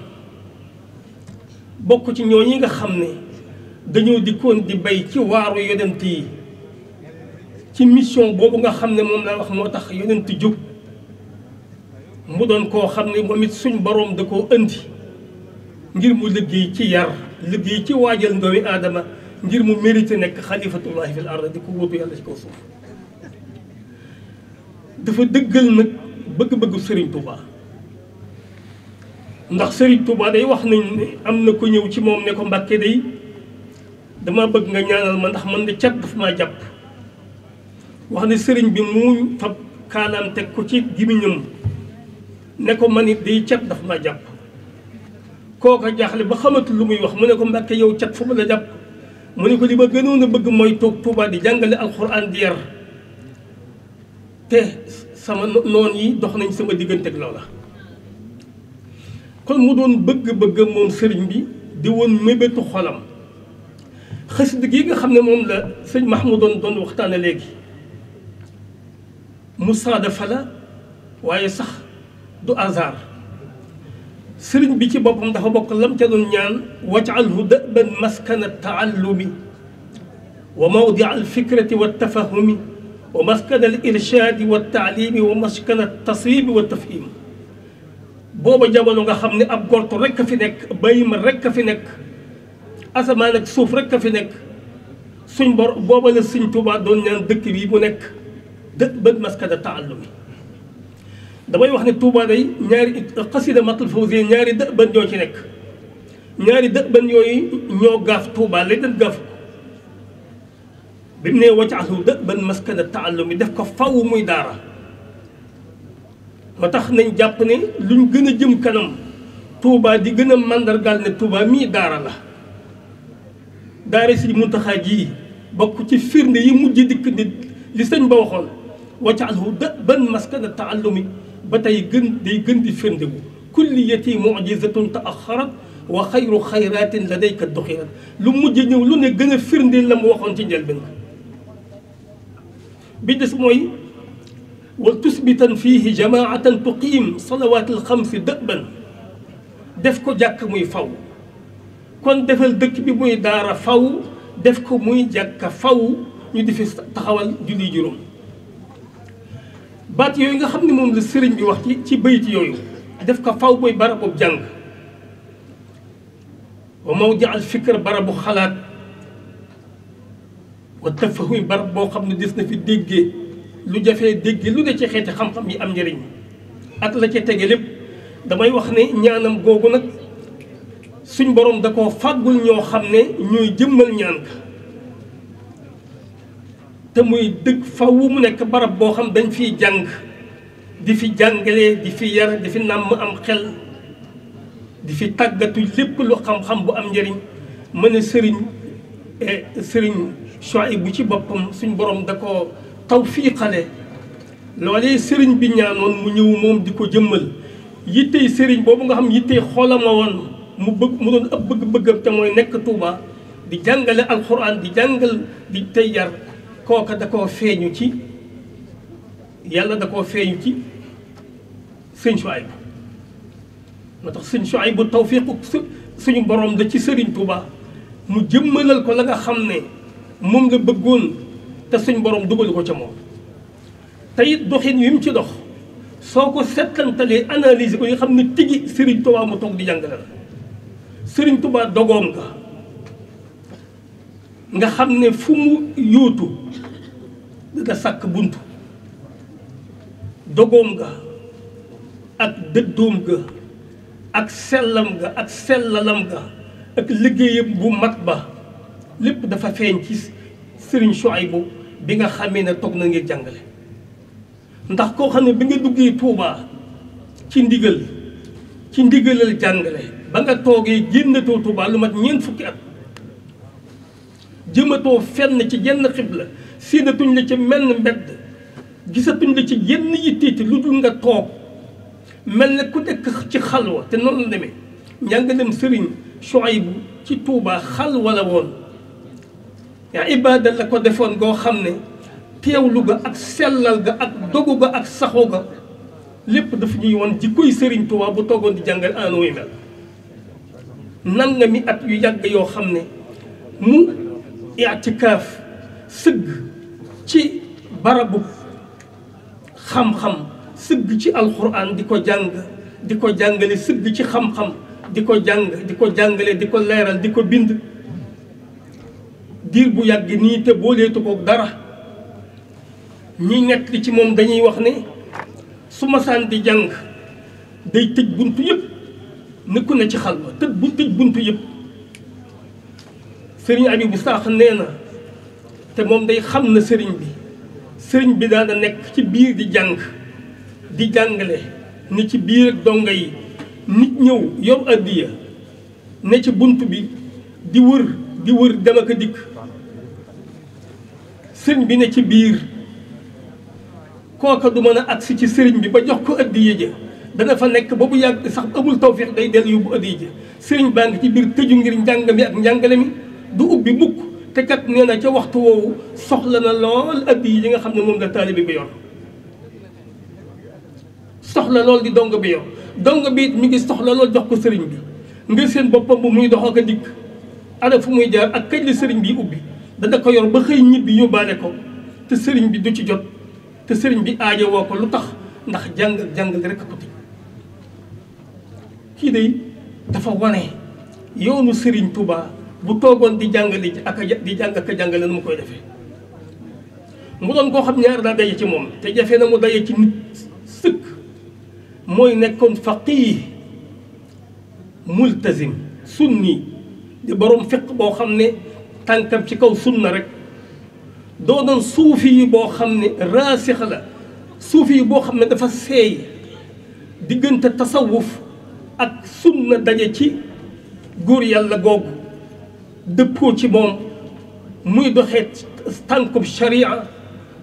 bokk ci ñoo ñi nga xam ne dañoo dikkoon di bay ci waaru yonent yi ci mission boobu nga xam ne moom naa wax moo tax yonent jóg mu doon koo xam ne moom it suñ boroom da koo indi ngir mu liggéey ci yar liggéey ci waajal ndoomi aadama ngir mu mérité nekk xalifatullahi fil ard di ko wóotu yàlla ci kaw suuf dafa dëggal nag bëgg-bëggu Serigne Touba ndax Serigne Touba day wax nañ ne am na ko ñëw ci moom ne ko Mbàkke day dama bëgg nga ñaanal ma ndax man de cat dafa maa jàpp wax ne Serigne bi mu fab kaalaam teg ko ci gimiñam ne ko man it day cat dafa maa jàpp kooka jaaxle ba xamatul lu muy wax mu ne ko Mbàkke yow cat fu ma la jàpp mu ne ko li ba gënoon a bëgg mooy toog Touba di jàngale alxuraan di yar te sama noon yi dox nañ sama diggante ak loola kon mu doon bëgg-bëgg moom sëriñ bi di woon mébétu xolam xasida gi nga xam ne moom la sëñ Mahmoudoon doon waxtaane léegi musaada fala waaye sax du hasard سرنج بيكي بابم دا بوك لام تي دون نيان واجعل هدبا مسكن التعلم وموضع الفكرة والتفهم ومسكن الإرشاد والتعليم ومسكن التصويب والتفهيم بابا جابلوغا خامني اب غورتو رك في نيك بايم رك في نيك اسمانك سوف رك في نيك سون بابا لا سيرن توبا دون نيان دك بي بو نيك مسكن التعلم damay wax ne Touba day ñaari xasida Matlabul Fawzayni ñaari dë ban ñoo ci nekk ñaari dë ban yooyu ñoo gaaf Touba lay dan gaaf bi mu ne waccaxu dë ban maskana taallum def ko faw muy daara moo tax nañ jàpp ne luñ gën a jëm kanam Touba di gën a màndargaal ne Touba mii daara la daara si Muntaxa ji bokk ci firnde yi mujj dikk nit li sëñ ba waxoon waccaxu dë ban maskana taallum ba tey gën day gën di firndewu kulliyati mujizatun taaxarat wa xayru xayraatin ladayka duxirat lu mujj ñëw lu ne gën a firndeel la mu waxoon ci njëlbeen bi des mooy wal tusbitan fiihi jamaatan tuqiim salawaatil xamsi dëbban def ko jàkk muy faw kon defal dëkk bi muy daara faw def ko muy jàkka faw ñu di fi taxawal julli juróom baat yooyu nga xam ne moom la sëriñ bi wax ci ci bayit yooyu def ko faw booy barabu jàng wa mawdi al fikr barabu xalaat wa tafahum barab boo xam ne des na fi déggee lu jafee déggee lu ne ci xeeti xam-xam yi am njëriñ ak la ca tege lépp damay wax ne ñaanam googu nag suñ borom da koo fàggul ñoo xam ne ñooy jëmmal ñaan ka te muy dëkk faw mu nekk barab boo xam dañ fiy jàng di fi jàngale di fi yar di fi nàmm am xel di fi tàggatu lépp lu xam-xam bu am njëriñ mën sëriñ e, sëriñ Souhaïbou bu ci boppam suñu borom da ko tawfiixale loolee sëriñ bi ñaanoon mu ñëw moom di ko jëmmal yittey sëriñ boobu nga xam yittey xoolama woon mu bëgg mu doon ab bëgg-bëggam te mooy nekk Touba di jàngale alxuraan di jàngal di tey yar kooka da koo feeñu ci yàlla da koo feeñu ci sëñ Suwayb moo tax sëñ ay bu tawfiiqu suñu boroom da ci sëriñ Touba mu jëmmalal ko la nga xam ne moom nga bëggoon te suñ boroom dugal ko ca moom te it doxin wi mu ci dox soo ko settantalee analyse ko yi xam ne tigi sëriñ Touba mu toog di jàngale la sëriñ tubaa dogoom nga nga xam ne fu mu yóotu nga sàkk bunt dogoom ga ak dëddoom ga ak sellam ak sellalam ga ak liggéeyam bu mat ba lépp dafa feeñ ci Serigne Souhaïbou bi nga xamee ne toog na ngir jàngale ndax koo xam ne bi nga duggee Touba ci ndigal ci ndigalal jàngale ba nga toogee génnatoo Touba lu mat ñeent fukki at jëmatoo fenn ci jenn xibla séenatuñ la ci menn mbedd gisatuñ la ci yenn yittiiti lu dul nga toog mel ne ku nekk ci xalwa te noonu la demee njàngaleem sëriñ Shuaybu ci Tuubaa xalwa la woon yaa ibaada la ko defoon goo xam ne teewlu ga ak sellal ga ak dogu ga ak saxo ga lépp dafa ñuy woon koy sëriñ Tuubaa bu toogoon di jàngal anu muy mel nangami at yu yàgg yoo xam ne mu itikaaf sëgg ci barabu xam-xam sëgg ci alxuraan di ko jàng di ko jàngale sëgg ci xam-xam di ko jàng di ko jàngale di ko leeral di ko bind diir bu yàgg nii te booleetu ko dara ñi nekk ci moom dañuy wax ne su masaan di jàng day tëj bunt yëpp nekku na ci xal ba tëj bu tëj bunt yëpp sëriñ Abibu Saax nee na te moom day xam na sëriñ bi sëriñ bi daana nekk ci biir di jàng di jàngale ni ci biir ak donga yi nit ñëw yor addiya ne ci bunt bi di wër di wër dem ak dikk sëriñ bi ne ci biir kooka du mën a agsi ci sëriñ bi ba jox ko addiya ja dana fa nekk ba bu yàgg sax amul tawféex day dellu yóbbu addiya ja sëriñ baa ngi ci biir tëju ngir njàng mi ak njàngale mi du ubbi mukk te kat nee na ca waxtu woowu soxla na lool addi yi nga xam ne moom la taalibe bi yor soxla lool di dong bi yor dong bi it mi ngi soxla lool jox ko sëriñ bi ngir seen boppam bu muy dox ak a dikk ana fu muy jaar ak kañ la sëriñ bi ubbi dana ko yor ba xëy ñibbi yóbbaale ko te sëriñ bi du ci jot te sëriñ bi aajowoo ko lu tax ndax jàng jàngal rek ko ti kii day dafa wane yoonu sëriñ tuubaa bu toogoon di jàngale ak di jàng ak jàngale koy defee mu doon koo xam ñaar daa daje ci moom te jafe na mu daje ci nit sëkk mooy nekkoon faqih multazim sunni di boroom fiq boo xam ne tànkam ci kaw sunna rek doo doon suufi yi boo xam ne raasix la suufi yi boo xam ne dafa seey diggante tasawuf ak sunna daje ci góor yàlla googu dëppoo ci moom muy doxee tànkub sharia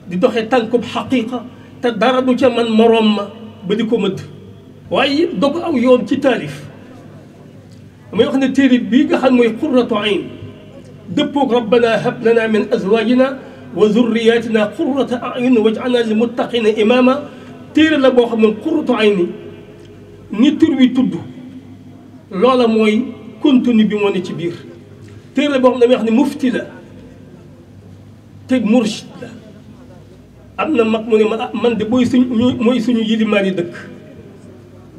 di doxee tànkub xaqiqa te dara du ca man moroom ma ba di ko mëdd waaye it dogu aw yoon ci taalif damay wax ne téere bii nga xam mooy qurratu ayn dëppoog rabbana hab lana min azwajina wa zurriyatina qurrata ayun waj'alna lil muttaqina imama téere la boo xam ne qurratu ayni ni tur wi tudd loola mooy contenu bi moo ne ci biir تير بوم نبي خني مفتي لا تي مرشد لا امنا ماك موني مان دي بوي سيني موي سيني يلي ماري دك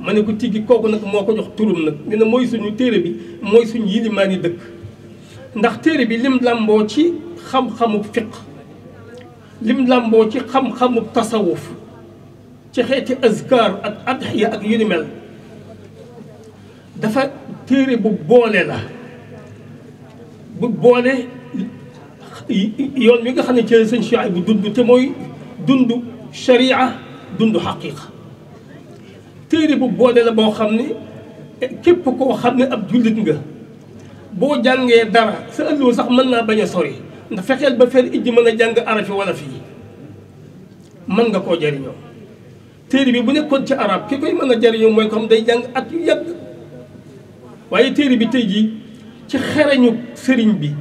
ماني كو تيغي كوكو نك موكو جوخ تورم نك نينا موي سيني تير بي موي سيني يلي ماري دك ndax téré bi lim lambo ci xam xamu fiq lim lambo ci xam xamu tasawuf ci xéti azkar ak adhiya ak yu ni bu boole yoon wi nga xam ne ci sëñ Cheikh bu dund te mooy dund sharia dund xaqiqa téere bu boole la boo xam ne képp koo xam ne ab jullit nga boo jàngee dara sa ëllëg sax mën naa bañ a sori ndax fexeel ba fer ijji mën a jàng arafi wala fii mën nga koo jariñoo téere bi bu nekkoon ci arab ki koy mën a jariñoo mooy ko xam day jàng at yu yàgg waaye téere bi tey jii ci xereñu sëriñ bi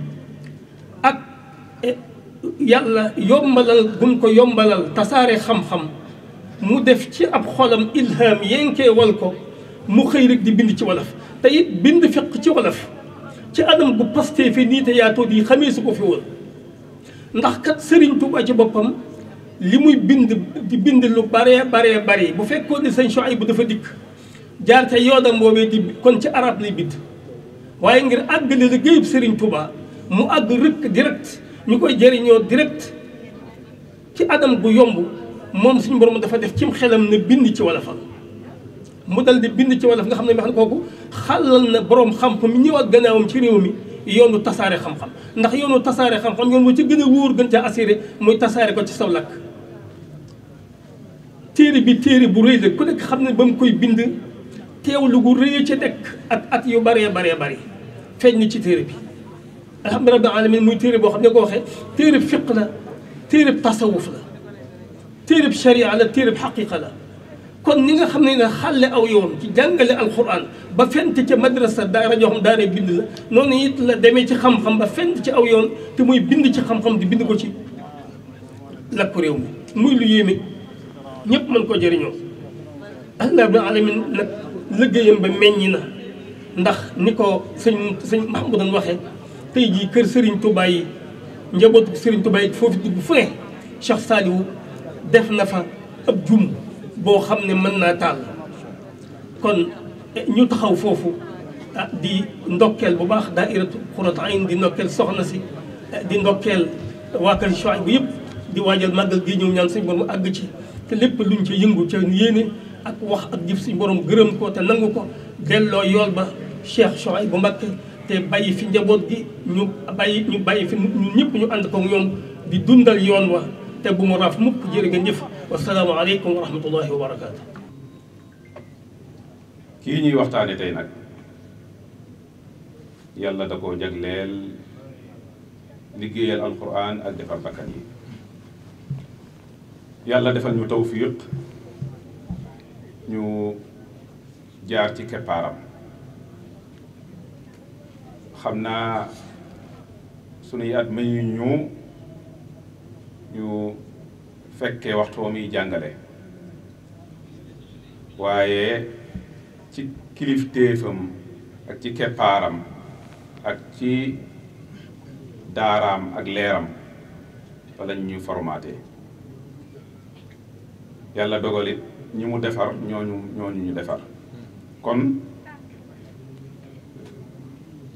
ak yàlla yombalal gum ko yombalal tasare xam-xam mu def ci ab xolam ilham yenkeewal ko mu xëy rek di bind ci wolof te it bind fiq ci wolof ci anam bu pastee fi nii te yaatoo di xamee su ko fi woon ndax kat sëriñ Tuuba ci boppam li muy bind di bind lu bare bare bare bu fekkoon ne sëñ Shuayb bu dafa dikk jaar te yoonam boobee di kon ci arab lay bind waaye ngir àggale liggéeyub Serigne Touba mu àgg rëkk direct ñu koy jëriñoo direct ci adam bu yomb moom suñu borom dafa def cim xelam ne bind ci wala fa mu dal bind ci wolof nga xam ne wax kooku xàllal na borom xam-xam mi ñëwaat gannaawam ci réew mi yoonu tasaare xam-xam ndax yoonu tasaare xam-xam yoon moo ci gën a wóor gën ca assuré muy tasaare ko ci saw lakk téere bi téere bu rëy la ku nekk xam ne ba mu koy bind teewlu gu rëy ca nekk ak at yu bëree bëree bëri feeñ na ci téere bi alhamdulilah rabbil alamin muy téere boo xam ne ko waxee téere fiq la téere tasawuf la téere sharia la téere xaqiqa la kon ni nga xam ne ne xàlle aw yoon ci jàngale alquran ba fent ca madrasa daara joo xam daara bind la noonu it la demee ci xam-xam ba fent ci aw yoon te muy bind ci xam-xam di bind ko ci lakk réew mi muy lu yéeme ñëpp mën ko jëriñoo allah rabbil alamin nag liggéeyam ba meññi na ndax ni ko sëñ sëñ Mahmoudane waxee tey jii kër sëriñ Touba yi njabootu Serigne Touba yi foofu dugg fu ne Cheikh Saliou def na fa ab jum boo xam ne mën naa taal kon eh, ñu taxaw foofu ah, di ndokkeel bu baax daairatu Xurratu Ayn di ndokkeel soxna si eh, di ndokkeel waa kër Chouaïbou bu yëpp di waajal màggal gi ñëw ñaan suñu borom àgg ci te lépp luñ ci yëngu ca yéene ak wax ak jëf si borom gërëm ko te nangu ko delloo yool ba Cheikh Souhaïbou Mbacké te bàyyi fi njaboot gi ñu bàyyi ñu bàyyi fi ñun ñu ànd ko ñoom di dundal yoon wa te bu mu raaf mukk jërë ngeen jëf wasalaamu aleykum wa rahmatullahi wa barakaatu. kii ñuy waxtaane tey nag yàlla da koo jagleel liggéeyal alquran ak defar bakkan yi yàlla defal ñu tawfiq ñu jaar ci keppaaram xam naa sunuy at mayu ñu ñu fekkee waxtu wa muy jàngale waaye ci kilifteefam ak ci keppaaram ak ci daaraam ak leeram wala ñu formaté yàlla dogal it defar ñooñu ñooñu ñu defar kon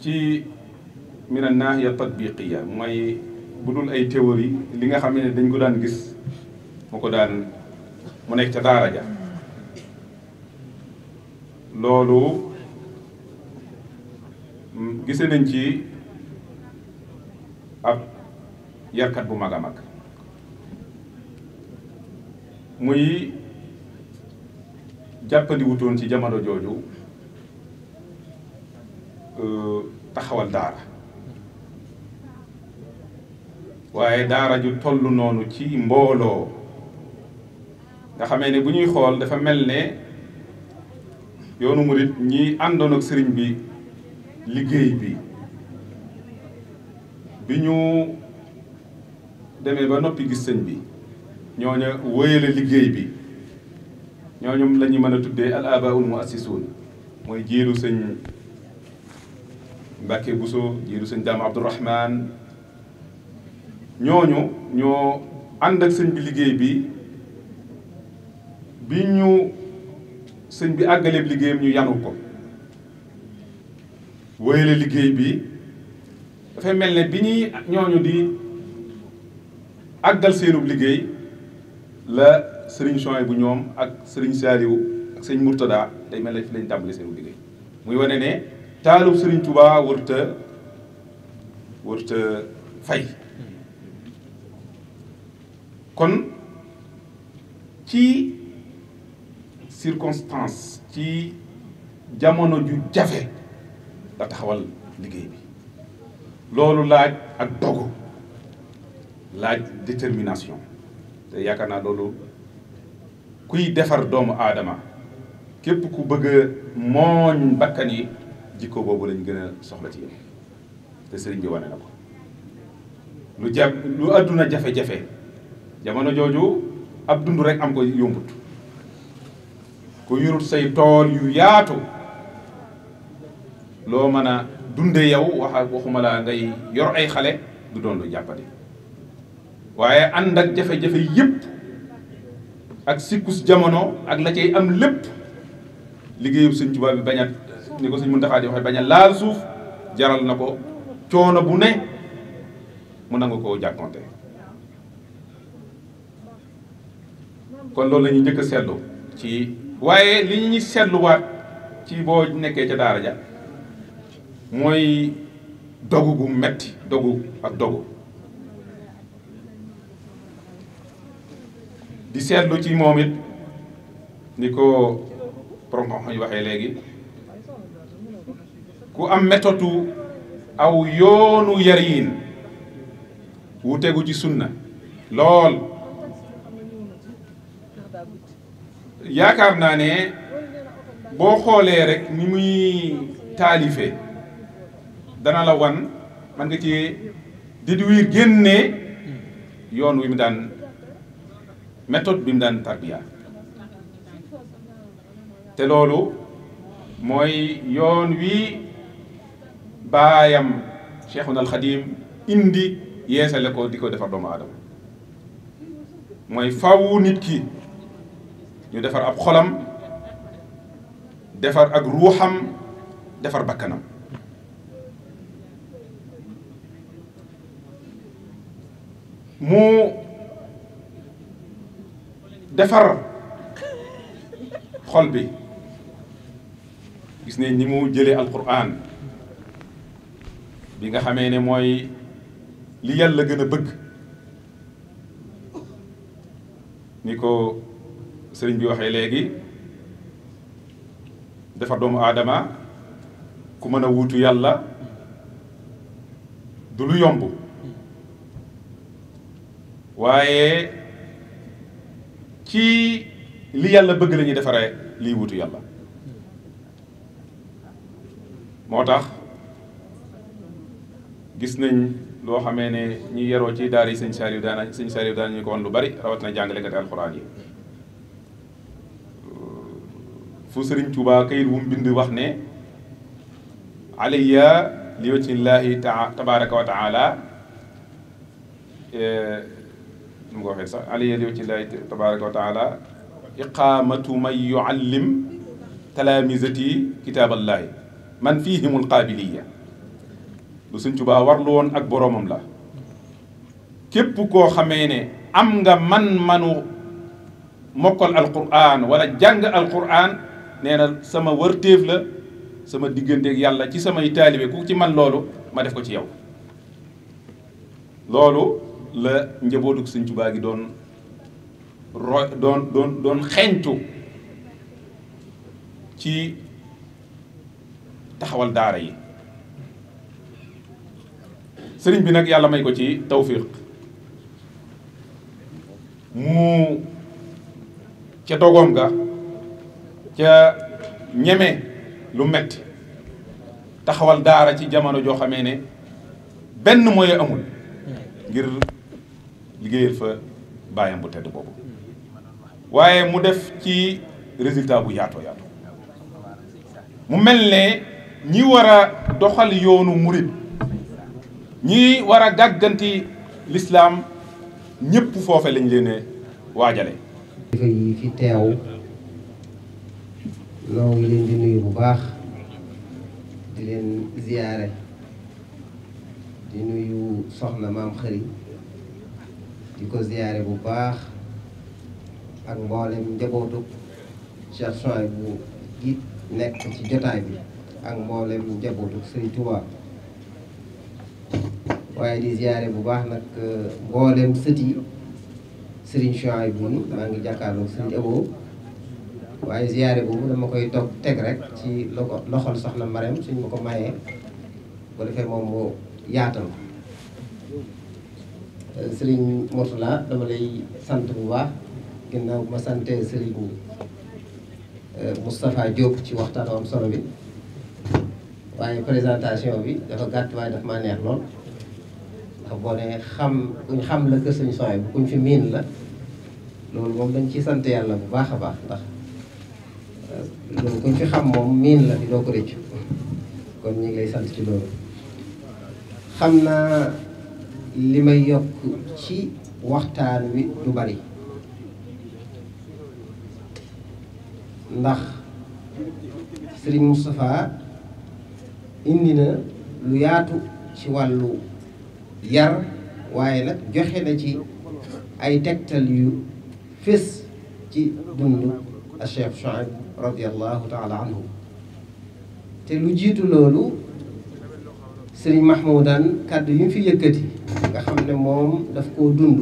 ci mina naahiya tatbiqiya mooy bu dul ay théorie li nga xam ne dañ ko daan gis mu ko daan mu nekk ca daara ja loolu gise nañ ci ab yarkat bu mag a mag muy jàppandi ci jamono jooju euh, taxawal daara waaye daara ju toll noonu ci mbooloo nga xamee ne bu ñuy xool dafa mel ne yoonu murit ñi àndoon ak sëriñ bi liggéey bi bi ñu demee ba noppi gis sëñ bi ñooñu wóyale liggéey bi ñooñu la ñu mën a tuddee al abaul muassisuun mooy jiiru sëñ Mbàkke Buso jiiru sëñ Daam Abdourahman ñooñu ñoo ànd ak sëñ bi liggéey bi bi ñu sëñ bi àggaleeb liggéeyam ñu yanu ko wóyale liggéey bi dafay mel ni bi ñuy ñooñu di àggal seenub liggéey la sering Chouaïb bu ñoom ak sering Saliou ak sering murtada day mel fi muy wane Touba fay kon ci circonstance ci jamono ju jafé la taxawal ligue bi lolu laaj ak dogu laaj détermination te yaakaar naa loolu kuy defar doomu aadama képp ku bëgg a mooñ bakkan yi jikko boobu lañ gën a soxla ci yéen te sëriñ bi wane na ko lu jàpp lu àdduna jafe-jafe jamono jooju ab dund rek am ko yombut ku yurut say tool yu yaatu loo mën a dunde yow wax waxuma laa ngay yor ay xale du doon lu jàppale waaye ànd ak jafe-jafe yëpp ak sikkus jamono ak la cay am lépp liggéeyu sëñ Tuubaa bi bañ a ni ko sëñ Muntaxaa di waxee bañ a laal suuf jaral na ko coono bu ne mu nangu ko jàkkonte kon loolu lañuy ñuy njëkk a seetlu ci waaye li ñuy seetluwaat ci boo nekkee ca daara ja mooy dogu gu metti dogu ak dogu di seetlu ci moom it ni ko borom xam-xam yi waxee léegi ku am méthode aw yoonu yariin wu tegu ci sunna lool yaakaar naa ne boo xoolee rek ni muy taalife dana la wan man nga ci déduire génne yoon wi mu daan méthode bi mu daan tarbiya te loolu mooy yoon wi baayam Cheikhuna al Xadim indi yeesale ko di ko defar doomu aadama mooy faawu nit ki ñu defar ab xolam defar ak ruuxam defar bakkanam mu defar xol bi gis ne ni mu jëlee alquran bi nga xamee ne mooy li yàlla gën a bëgg ni ko sëriñ bi waxee léegi defar doomu aadama ku mën a wuutu yàlla du lu yomb waaye ci li yàlla bëgg la ñuy defaree liy wutu yàlla moo tax gis nañ loo xamee ne ñi yaroo ci daara yi sëñ Saliou daana sëñ Saliou daana ñu ko wan lu bari rawatina jàngalekati alxuraan yi fu sëriñ Tuubaa kayit wu mu bind wax ne alayya li wajhillaahi tabaraka wa taala eh, nu mu ko waxee sax aliyal yow ci lay tabaraka wa taala iqaamatu man yuallim talaamisati kitaaballahi man fihimul qaabiliya lu Sëñ Tuubaa warlu woon ak boroomam la képp koo xamee ne am nga man-manu mokkal alquran wala jàng alquran nee na sama wërtéef la sama digganteeg yàlla ci samay taalibe ku ci man loolu ma def ko ci yow loolu la njabootuk Sëñ Tuubaa gi doon roy doon doon doon ci taxawal daara yi sëriñ bi nag yàlla may ko ci tawfiq mu ca dogoom ga ca ñeme lu metti taxawal daara ci jamono joo xamee ne benn mooy amul ngir liggéeyal fa bàyyam bu tedd boobu waaye mu def ci résultat bu yaatoo yaatoo mu mel ne ñi war a doxal yoonu murit ñi war a gàgganti lislaam ñëpp foofe lañ leen waajale kilifa yi fi teew noo leen di nuyu bu baax di leen ziyaare di nuyu soxna maam xëri di ko ziyaare bu baax ak mboolem njabootu Cheikh Souhaïbou bu gi nekk ci jotaay bi ak mboolem njabootu Sëriñ Tuubaa waaye di ziyaare bu baax nag euh, mboolem sët yi Sëriñ Souhaïbou bu maa ngi jàkkaarloo Sëriñ Abo waaye ziyaare boobu dama koy toog teg rek ci loxol soxna Marème suñ ma ko mayee bu defee moom moo yaatal Serigne Mourtala dama lay sant bu baax ginnaaw ma sante Serigne eh, Moustapha Diop ci waxtaan am solo bi waaye présentation bi dafa gàtt waaye daf maa neex lool ndax boo ne xam kuñ xam la kër Serigne Souhaïbou bu kuñ fi miin la loolu moom dañ ciy sant yàlla bu baax a baax ndax eh, loolu kuñ fi xam moom miin la di doo ko rëccu kon ñu ngi lay sant ci loolu xam naa li may yokk ci waxtaan wi du bari ndax Serigne Moustapha indi na lu yaatu ci wàllu yar waaye nag joxe na ci ay tegtal yu fés ci dund a Cheikh radiallahu taala anhu te lu jiitu loolu Serigne Mahmoudan kàddu yi mu fi yëkkati xam ne moom daf koo dund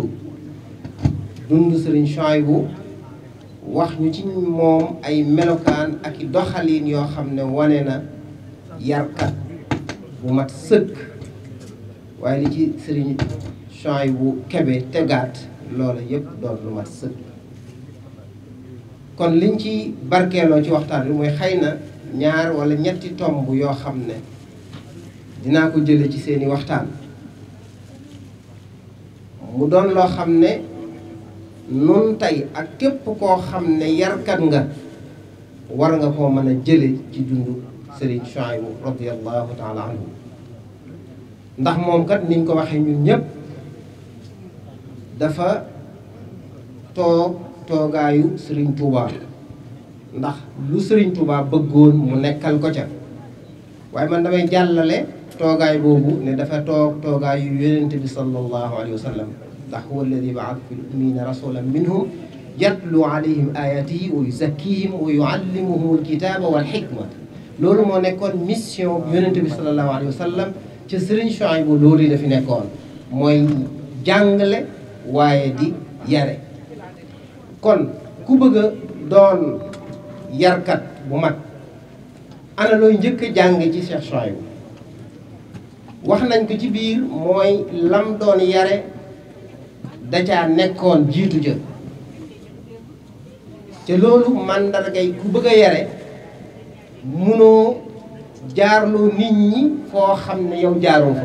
dund Serigne Souhaïbou wax ñu ci moom ay melokaan ak i doxalin yoo xam ne wane na yarkat bu mat sëkk waaye li ci Serigne Souhaïbou Kébé tegaat loola yëpp doon lu mat sëkk kon liñ ci barkeeloo ci waxtaan bi mooy xëy na ñaar wala ñetti tomb yoo xam ne dinaa ko jële ci seeni waxtaan mu doon loo xam ne nun tey ak képp koo xam ne yarkat nga war nga koo mën a jële ci dund Serigne Souhaïbou radiyallahu taala anhu ndax moom kat niñ ko waxee ñun ñëpp dafa toog toogaayu sëriñ Touba ndax lu sëriñ Touba bëggoon mu nekkal ko ca waaye man damay jàllale توغاي بوبو ني دافا توغ توغاي يونتبي صلى الله عليه وسلم ده هو الذي بعث في الامين رسولا منهم يتلو عليهم اياته ويزكيهم ويعلمهم الكتاب والحكمه لول مو نيكون ميسيون يونتبي صلى الله عليه وسلم تي سيرن شعيب لولي دا في نيكون موي جانغلي واي دي ياري كون كو بغا دون ياركات بو مات انا لو نجيك جانغي شيخ شعيب wax nañ ko ci biir mooy lam doon yare da nekkoon jiitu jë te loolu màndargay ku bëgg a yare munoo jaarloo nit ñi foo xam ne yow jaaroo fa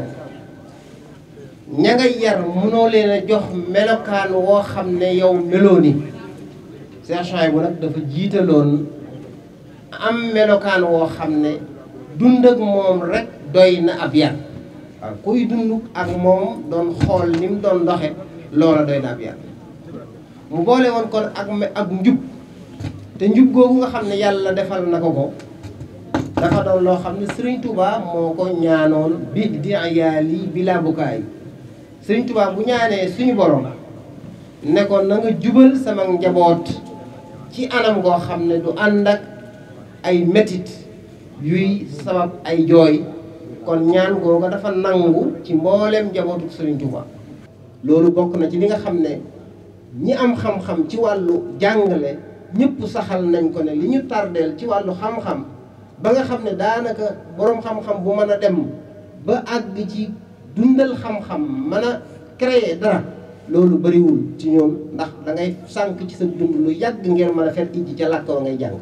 ña nga yar munoo leen jox melokaan woo xam ne yow meloo ni serchange bu nag dafa jiitaloon am melokaan woo xam ne dund ak moom rek doy na ab yar kuy dund ak moom doon xool ni mu doon doxe loola doy na ab mu boole woon kon ak njub te njub googu nga xam ne yàlla defal na ko ko dafa doon loo xam ne Serigne Touba moo ko ñaanoon bi di ayaali bi laa bukaay Serigne Touba bu ñaanee suñu borom ne ko na nga jubal sama njaboot ci anam goo xam ne du ànd ak ay metit yuy sabab ay jooy kon ñaan googa dafa nangu ci mbooleem njabootu Serigne Touba. loolu bokk na ci li nga xam ne ñi am xam-xam ci wàllu jàngale ñëpp saxal nañ ko ne li ñu tardeel ci wàllu xam-xam ba nga xam ne daanaka boroom xam-xam bu mën a dem ba àgg ci dundal xam-xam mën a créer dara loolu bariwul ci ñoom ndax da ngay sànq ci sa dund lu yàgg ngeen mën a fet ijji ca làkk wa ngay jàng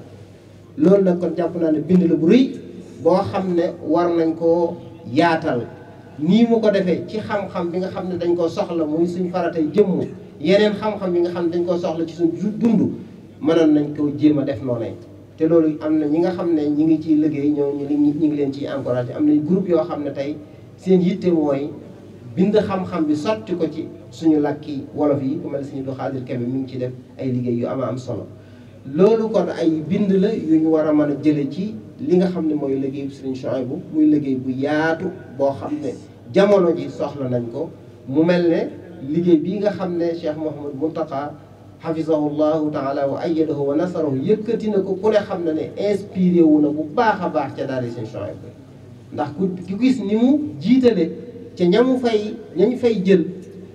loolu nag kon jàpp naa ne bind la bu rëy boo xam ne war nañ koo yaatal nii mu ko defee ci xam-xam bi nga xam ne dañ koo soxla muy suñ faratay jëmm yeneen xam-xam yi nga xam ne dañ koo soxla ci suñ dundu mënoon nañ koo jéem a def noonu te loolu am na ñi nga xam ne ñi ngi ciy liggéey ñoo ñu ngi leen ci encouragé am na groupe yoo xam ne tey seen yitte mooy bind xam-xam bi sotti ko ci suñu làkki wolof yi ku mel ne suñu du xaadir kebe mi ngi ciy def ay liggéey yu ama am solo loolu ko ay bind la yu ñu war a mën a jële ci li nga xam ne mooy liggéey bu Serigne Souhaïbou muy liggéey bu yaatu boo xam ne jamono ji soxla nañ ko mu mel ne liggéey bi nga xam ne Cheikh Mouhamadou Mountakha hafizahu llahu taala wa ayyadahu wa nasarahu yëkkati na ko ku ne xam na ne inspiré wu na bu baax a baax ca daara Serigne Souhaïbou ndax ku gis ni mu jiitale ca ñamu fay ñañ fay jël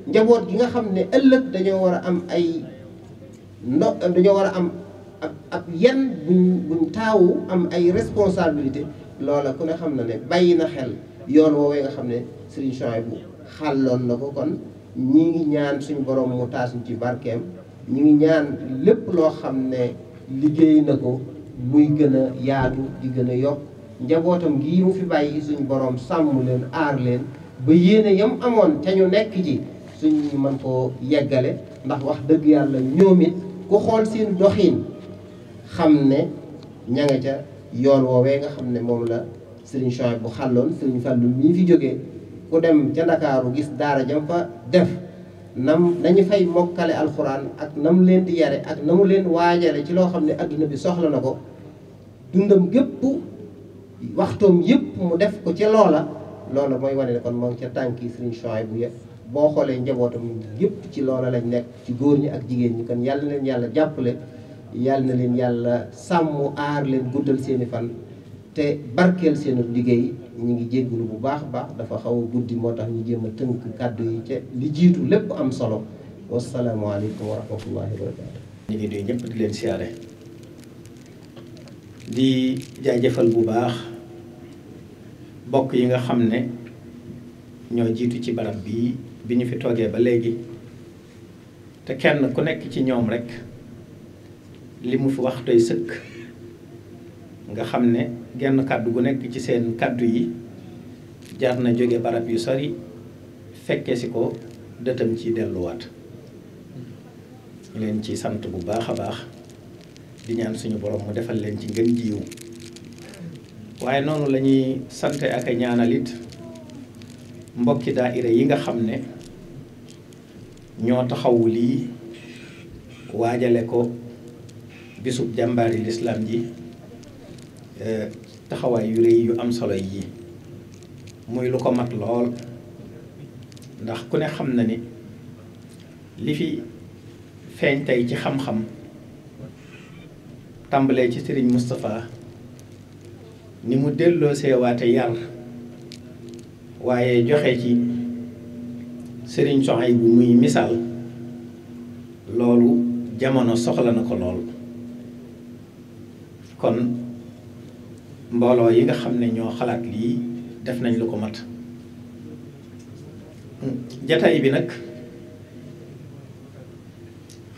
njaboot gi nga xam ne ëllëg dañoo war a am ay ndo dañoo war a am ak ab yan buñ taawu am ay responsabilité loola ku ne xam na ne bàyyi na xel yoon woowee nga xam ne Serigne Souhaïbou xàlloon na ko kon ñi ngi ñaan suñu borom mu taasuñ ci barkeem ñi ngi ñaan lépp loo xam ne liggéey na ko muy gën a yaatu di gën a yokk njabootam gii mu fi bàyyi suñu borom sàmm leen aar leen ba yéene yam amoon te ñu nekk ji suñ mën koo yeggale ndax wax dëgg yàlla ñoom it ku xool seen doxin xam ne ña nga ca yoon woowee nga xam ne moom la Serigne Chouaib bu xàlloon Serigne bi ñu fi jógee ku dem ca Ndakaaru gis daara jam fa def nam nañu fay mokkale alxuraan ak namu leen di yare ak namu leen waajare ci loo xam ne adduna bi soxla na ko dundam gépp waxtoom yëpp mu def ko ci loola loola mooy wane ne kon moo ngi ca tànki Serigne Chouaib bu yëpp boo xoolee njabootam yëpp ci loola lañ nekk ci góor ñi ak jigéen ñi kon yàlla leen yàlla jàppale yàlla na leen yàlla sàmm aar leen guddal seeni fan te barkeel seenu liggéey ñu ngi jéggulu bu baax baax dafa xaw a guddi moo tax ñu jéem a tënk kàddu yi ca li jiitu lépp am solo wasalaamaaleykum wa rahmatullahi wa barakatu ñu ngi di leen siyaare di jaajëfal bu baax bokk yi nga xam ne ñoo jiitu ci barab bi bi ñu fi toogee ba léegi te kenn ku nekk ci ñoom rek limu fi wax tay seuk nga xamne genn kaddu gu nek ci sen kaddu yi jaar na joge barab yu sori fekke ci ko dëtam ci wat len ci sante bu baakha baax di ñaan suñu borom mu defal len ci ngeen jiwu waye nonu lañuy sante ak ñaanalit mbokki daayira yi nga xamne ño taxawuli wajale ko bisub jàmbaari lislaam ji e, taxawaay yu rëy yu am solo yi muy lu ko mat lool ndax ku ne xam na ni li fi feeñ tey ci xam-xam tàmbalee ci sëriñ Moustapha ni mu delloo seewaate yar waaye joxe ci sëriñ soxay bu muy misaal loolu jamono soxla na ko lool kon mbooloo yi nga xam ne ñoo xalaat lii def nañ lu ko mat jataay bi nag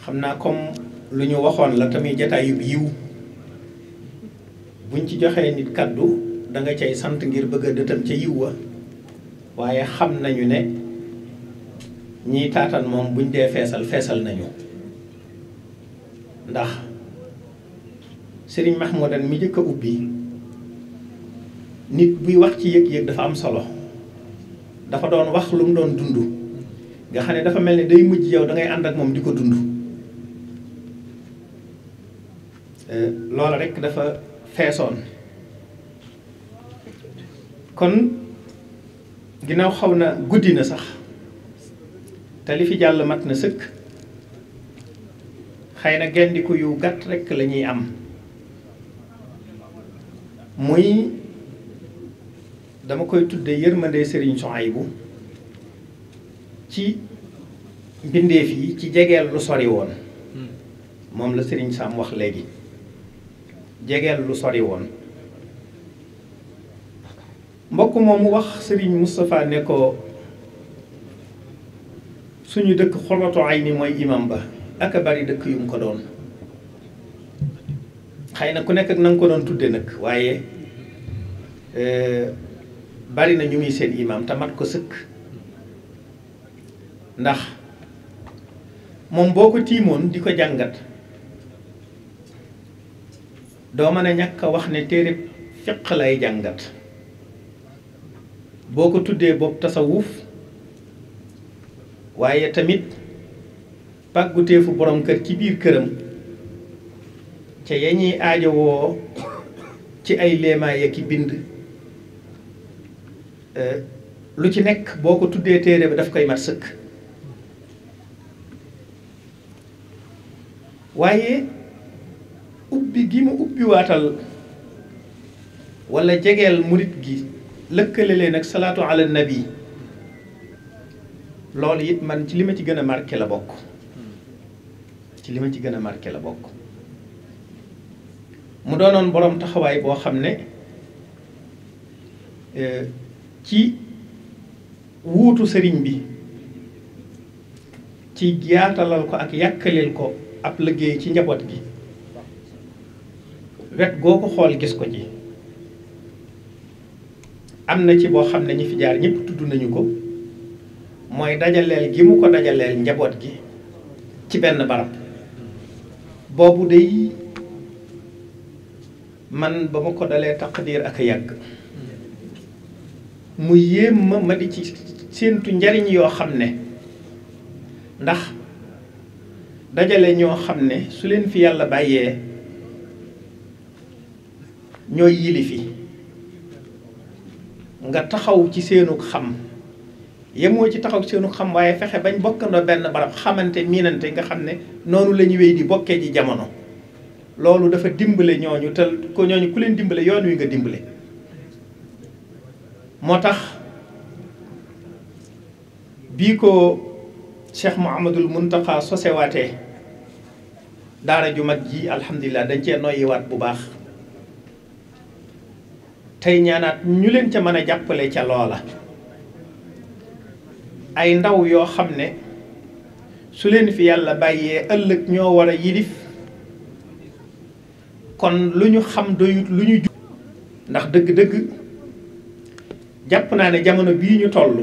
xam naa comme lu ñu waxoon la tamit jataayu bi yiw buñ ci joxee nit kàddu da nga cay sant ngir bëgg a dëtam ca yiw wa waaye xam nañu ne ñiy taatan moom buñ dee feesal feesal nañu ndax serigne mahmoudane mi jëk a ubbi nit buy wax ci yek yek dafa am solo dafa doon wax lu mu doon dundu nga xane dafa melni day mujj yow da ngay and ak mom diko dundu euh loola rek dafa fesson kon ginaaw xawna na sax te li fi jall mat na sëkk gendiku yu gat rek lañuy am muy dama koy tudde yërmande Serigne Souhaïbou ci mbindeef yi ci jegeel lu sori woon hmm. moom la sëriñ Sam wax léegi jegeel lu sori woon mbokk mu wax Serigne Moustapha ne ko suñu dëkk xoloto ay ni mooy imam ba ak a bari dëkk yu mu ko doon xay na ku nekk ak na ko doon tuddee nag waaye euh, bari na ñu muy seen imaam te ko sëkk ndax moom boo ko tiimoon di ko jàngat doo mën a ñàkk a wax ne téere fiq lay jàngat boo ko tuddee bopp tasawuf waaye tamit pàgguteefu borom kër ci biir këram ca ya ñuy aajowoo ci ay léemaay ki bind euh, lu ci nekk boo ko tuddee téere bi daf koy mat sëkk waaye ubbi gi mu ubbi waatal walla jegeel murit gi lëkkale leen ak salaatu ala nabi loolu it man ci li ma ci gën a marqué la bokk hmm. ci li ma ci gën a marqué la bokk mu doonoon boroom taxawaay boo xam ne euh, ci wuutu sëriñ bi ci yaatalal ko ak yàkkalil ko ab liggéey ci njaboot gi wet goo ko xool gis ko ci am na ci boo xam ne ñu fi jaar ñëpp tudd nañu ko mooy dajaleel gi mu ko dajaleel njaboot gi ci benn barab boobu day man ba ma ko dalee diir ak a yàgg mu yéem ma ma di ci séentu njariñ yoo xam ne ndax dajale ñoo xam ne su leen fi yàlla bàyyee ñooy yilifi nga taxaw ci seenug xam yemoo ci taxaw ci seenu xam waaye fexe bañ bokkandoo benn barab xamante miinante nga xam ne noonu la ñu wéy di bokkee ji jamono loolu dafa dimbale ñooñu te ko ñooñu ku leen dimbale yoon wi nga dimbale moo tax bii ko Cheikh Mouhamadul Mountakha sosewaatee daara ju mag ji alhamdulilah dañ cee noyyiwaat bu baax tey ñaanaat ñu leen ca mën a jàppale ca loola ay ndaw yoo xam ne su leen fi yàlla bàyyee ëllëg ñoo war a yilif kon lu ñu xam doyut lu ñu ju ndax dëgg-dëgg jàpp naa ne jamono bii ñu toll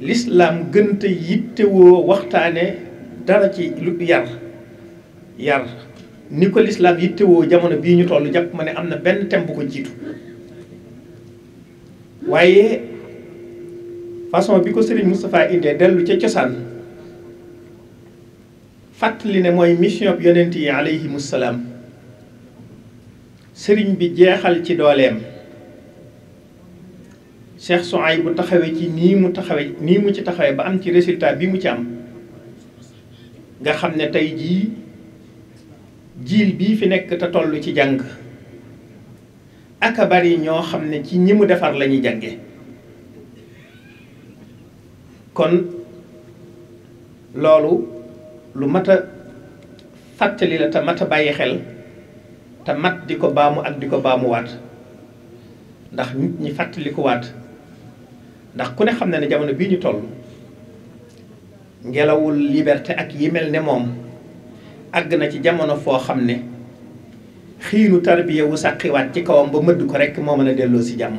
lislaam gënte yittewoo waxtaane dara ci lu yar yar ni ko lislaam yittewoo jamono bii ñu toll jàpp ma ne am na benn thème bu ko jiitu waaye façon bi ko Serigne Moustapha indee dellu ca cosaan fàttali ne mooy mission bi yonent yi aleyhimu sëriñ bi jeexal ci dooleem Cheikh Souhaï bu taxawee ci nii mu taxawe nii mu ci taxawee ba am ci résultat bi mu ci am nga xam ne tey jii jiil bii fi nekk te toll ci jàng aka bari ñoo xam ne ci ñi mu defar lañuy jànge kon loolu lu mat a fàttali la te mat a bàyyi xel te mat di ko baamu ak di ko baamuwaat ndax nit ñi fàttalikuwaat ndax ku ne xam na ne jamono bii ñu toll ngelawul liberté ak yi mel ne moom àgg na ci jamono foo xam ne xiinu tarbiya wu sàqiwaat ci kawam ba mëdd ko rek moo mën a delloo si jàmm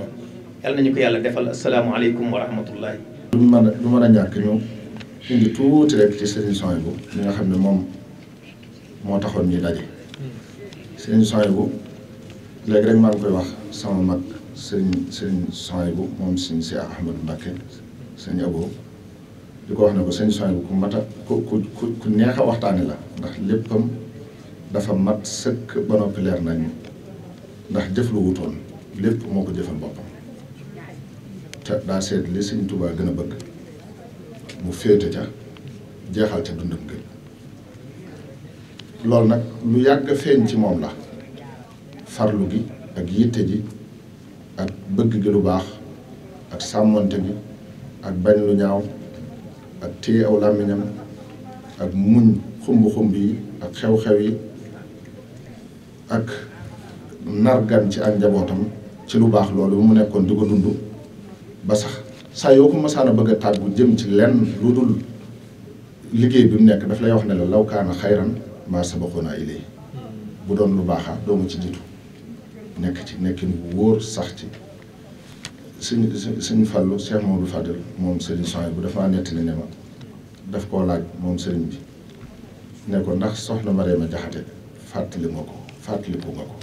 yàlla nañu ko yàlla defal asalaamaaleykum wa rahmatullahi du mën a du mën a ñàkk ñëw indi tuuti rek ci sëriñ Sohaibou mi nga xam ne moom moo taxoon ñu daje seen Souhaïbou léegi rek maa ngi koy wax sama mag sëriñ sëriñ Souhaïbou moom sëriñ si Ahmadou Mbacké sëriñ Abo di ko wax ne ko sëriñ Souhaïbou ku mat a ku ku ku neex a waxtaane la ndax léppam dafa mat sëkk ba noppi leer nañu ndax jëf lu wutoon lépp moo ko jëfal boppam te daa seet li sëriñ Touba gën a bëgg mu féete ca jeexal ca dundam gën loolu nag lu yàgg feeñ ci moom la farlu gi ak yitte ji ak bëgg gi lu baax ak sàmmante gi ak bañ lu ñaaw ak téye aw làmmiñam ak muñ xumb-xumb yi ak xew-xew yi ak nargan ci ak njabootam ci lu baax loolu mu nekkoon di ko dund ba sax saa yoo ko masaana bëgg a tàggu jëm ci lenn lu dul liggéey bi mu nekk daf lay wax ne la law kaana xayran maa sabaqoonaa ilay bu doon lu baaxaa doomu ci jiitu nekk ci nekkin bu wóor sax ci suñu suñu fàllu Cheikh Mamadou Fadel moom Serigne Sonia bu dafa nettali ne ma daf koo laaj moom Serigne bi ne ko ndax soxna Mariama Jaxate fàttali nga ko fàttaliku nga ko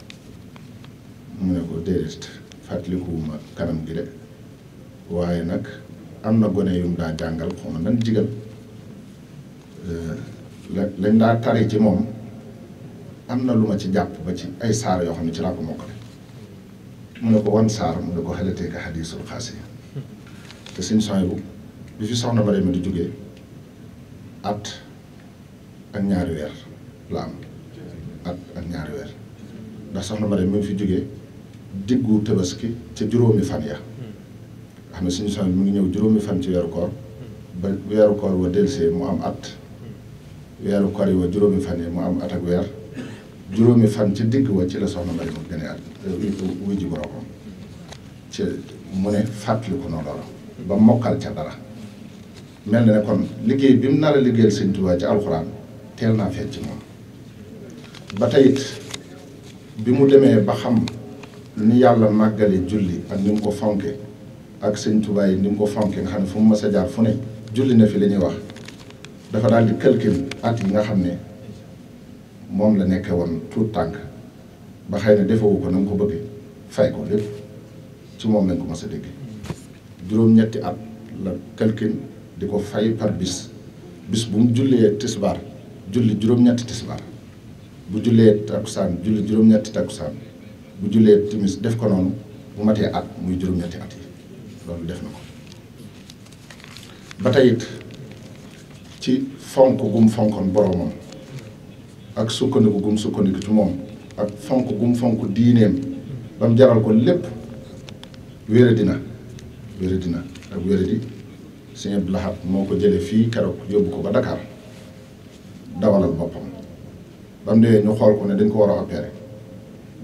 mu ne ko déedéet fàttalikuwuma kanam gi de waaye nag am na gone yum daa jàngal xaw ma jigal euh, la lañ daa tari ci moom am na lu ma ci jàpp ba ci ay saar yoo xam ne ci laa ko mokkale mu ne ko wan saar mu ne ko xelatee ka xadiisul xaasi te suñ sony bu bi fi soxna ma di jógee at ak ñaari weer la am at ak ñaari weer ndax soxna ma mi ngi fi jógee diggu tabaski ci juróomi fan ya xam ne suñu sony mu ngi ñëw juróomi fan ci weeru koor ba weeru koor wa delsee mu am at weeru kor yi wa juróomi fan yi mu am at ak weer juróomi fan ci digg wa ci la soxna Mari mu gën at euh, wuy ji boroomam ci mu ne fàttaliku noonu la ba mokkal ca dara mel na ne kon liggéey bi mu nar a liggéeyal Sëñ Tuubaa ci alxuraan teel naa feeñ ci moom ba tey bi mu demee ba xam ni yàlla màggale julli ak ni mu ko fonke ak Sëñ Tuubaa yi ni mu ko fonke nga xam ne fu mu mas a jaar fu ne julli na fi lañuy wax dafa daal di calcul at yi nga xam ne moom la nekkee woon tuut tànk ba xëy na defewu ko na nga ko bëggee fay ko lépp ci moom lañ ko mës a dégg juróom-ñetti at la calcul di ko fay par bis bis bu mu jullee tisbaar julli juróom-ñetti tisbaar bu jullee takkusaan julli juróom-ñetti takkusaan bu jullee timis def ko noonu bu matee at muy juróom-ñetti at yi loolu def na ko ba ci fonk gum fonkoon boromam ak sukkandiku gum sukkandiku ci moom ak fonk gum fonk diineem ba mu jaral ko lépp wéradi na wéradi na ak wéradi sëñ Abdou Lahad moo ko jële fii keroog yóbbu ko ba dakaar dawalal boppam ba mu dee ñu xool ko ne dañ ko war a opéré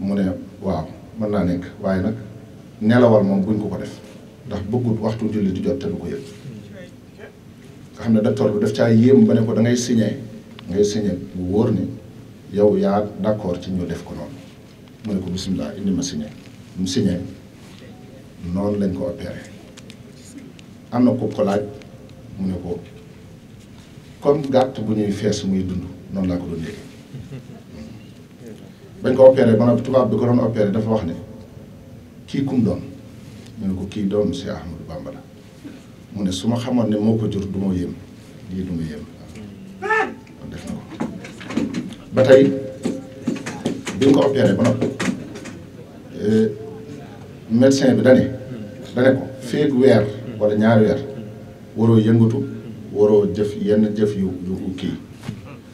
mu ne waaw mën naa nekk waaye nag nelawal moom guñ ko ko def ndax bëggut waxtu julli di jot te du ko yëpp nga xam ne docteur bi daf caa yéem ba ne ko da ngay signé ngay signé bu wóor ni yow yaa d'accord ci ñu def ko noonu mu ne ko bisimilah indi ma signé mu signé noonu lañ ko opéré am na ko laaj mu ne ko comme gàtt bu ñuy fees muy dund noonu laa ko doon yëgee bañ ko opéré ba tubaab bi ko doon opéré dafa wax ne kii kum doon ñu ne ko kii doon Cheikh Ahmadou Bamba la mu ne su ma xamoon ne moo ko jur du ma yéem lii du ma ba tey bi nga ko opéré ba noppi euh, médecin bi dane dane ko feeg weer wala ñaari weer waroo yëngatu waroo jëf yenn jëf yu yu kii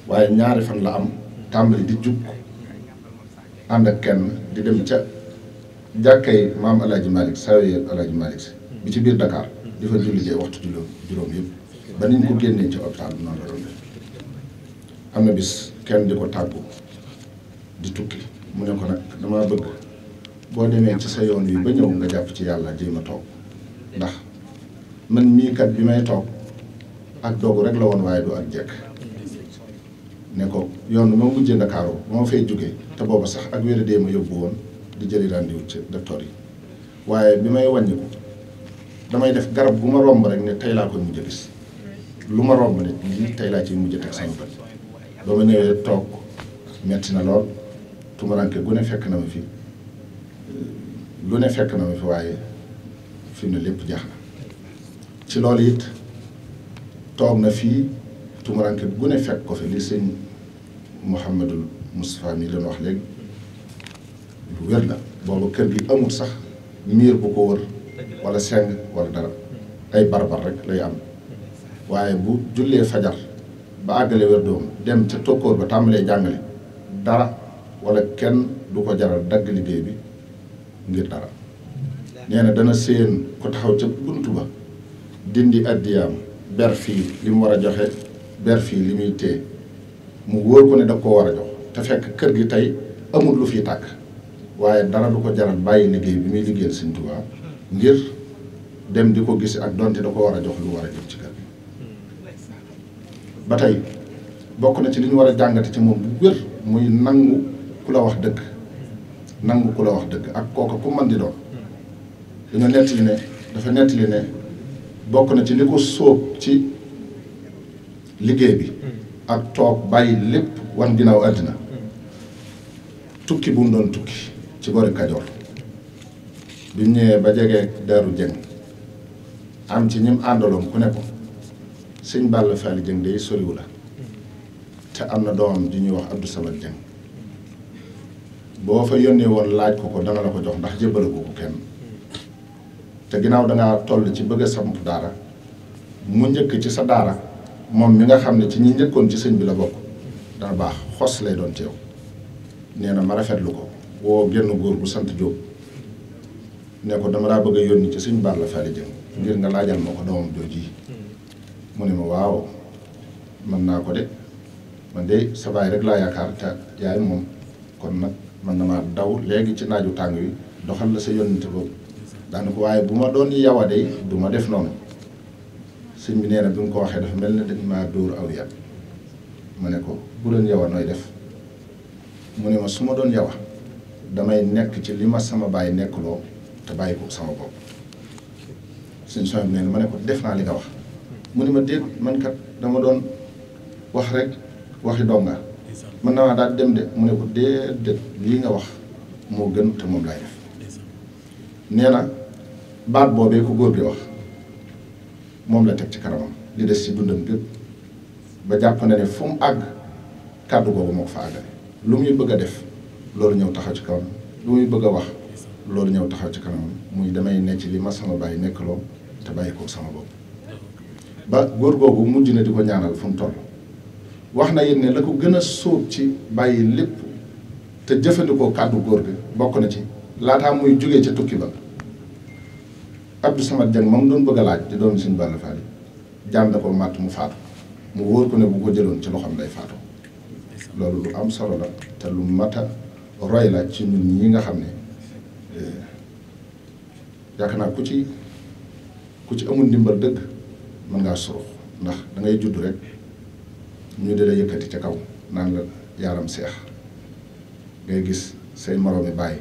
waaye ñaari fan la am tàmbali di jug ànd ak kenn di dem ca jàkkay maam El Hadj Malick saa yu Yel El Hadj Malick bi ci biir Dakar. di fa julli jee waxtu juróom juróom yëpp ba niñ ko génnee ci hôpital bi noonu la doon def am na bis kenn di ko tàggu di tukki mu ne ko nag dama bëgg boo demee ci sa yoon wi ba ñëw nga jàpp ci yàlla jéem ma toog ndax man miikat bi may toog ak doogu rek la woon waaye du ak jekk ne ko yoon bi ma mujjee Ndakaaru ba ma fay te booba sax ak wér-a-dee ma yóbbu woon di jëli rendez-vous ci docteur yi waaye bi may wàññi damay def garab gu ma romb rek ne tey laa koy mujj a gis lu ma romb ne lii tey laa ciy mujj a teg sama bët ba ma ñëwee toog metti na lool tumuranke gu ne fekk na ma fi lu ne fekk na ma fi waaye fi mu ne lépp jeex na ci loolu it toog na fii tumuranke gu ne fekk ko fi li sëñ Mouhamadul Moustapha mi doon wax léegi lu wér la boobu kër gi amul sax miir bu ko wër wala seng wala dara ay barbar rek lay am waaye bu jullee fajar ba àggale wér doom dem ca tokkóor ba tàmbalee jàngale dara wala kenn du ko jaral dagg liggéey bi ngir dara nee dana seen ko taxaw ca bunt ba dindi addiyaam ber fii li mu war a joxe ber li muy téye mu wóor ko ne da ko war a jox te fekk kër gi tey amul lu fi tàkk waaye dara du ko jaral bàyyi liggéey bi muy liggéeyal Sëñ ngir dem di ko gis ak donte da ko war a jox lu war a jëm ci kër ba tey bokk na ci li ñu war a jàngate ci moom bu wér muy nangu ku la wax dëkk nangu ku la wax dëkk ak kooka ku mën di doon dañoo nettali ne dafa nettali ne bokk na ci li ko sóob ci liggéey bi ak toog bàyyi lépp wan ginnaaw àddina tukki bu mu doon tukki ci boori Kajoor bi ñëwee ba jege deru Jeng am ci ñim àndaloon ku ne ko sëñ Balla Fally Dieng day soriwu la te am na doom ju ñuy wax Abdou Samad Dieng boo fa yónnee woon laaj ko ko danga la ko jox ndax jëbbale ko ko kenn te ginnaaw dangaa toll ci bëgg a samp daara mu njëkk ci sa daara moom mi nga xam ne ci ñi njëkkoon ci sëñ bi la bokk dana baax xos lay doon teew nee na ma rafetlu ko woo genn góor bu sant Jóob nekku dama daa bëgg a yónni ci sëñ Balla Fally Dieng ngir nga laajal ma ko doomam jooji hmm. mu ne ma waaw mën naa ko de man de sa baay rek laa yaakaar te yaay moom kon nag man na maa daw léegi ci naaju tàng wi doxal la sa yónnante boobu ko waaye bu ma doon yawa de du ma def noonu sëñ bi nee na bi mu ko waxee dafa mel ne dañ maa dóor aw ma ne ko bu doon yawa nooy def mu ne ma su ma doon yawa damay nekk ci li ma sama baay nekkuloo te bàyyi ko sama bopp sëñ Sow neen ma ne ko def naa li nga wax mu ne ma déet mankat dama doon wax rek waxi donga na naa daal dem de mu ne ko déedéet lii nga wax moo gën te moom na baat boobee góor gi wax moom la teg ci kanamam li des ci dundam gépp ba jàpp na ne fu mu àgg kàddu googu moo ko fa àggale lu muy bëgg a def loolu ñëw taxaw ci kanam lu muy bëgg wax loolu ñëw taxaw ci kanamam muy damay necc li ma sama bàyyi nekk loo te bàyyi ko sama bopp ba góor googu mujj na di ko ñaanal fu mu wax na yit ne la ko gën a sóob ci bàyyi lépp te jëfandikoo kàddu góor gi bokk na ci laataa muy jógee ca tukki ba Abdou Samad Dieng moom doon bëgg a laaj di doon suñu Balla Fally jaam da ko màtt mu faatu mu wóor ko ne bu ko jëloon ci loxoom day faatu loolu lu am solo la te lu mat a roy la ci ñun ñi nga xam ne eh, yaakaar naa ku ci ku ci amul ndimbal dëgg mën ngaa surux ndax da ngay judd rek ñu di la yëkkati ca kaw naa la yaaram seex ngay gis say moroomi bàyyi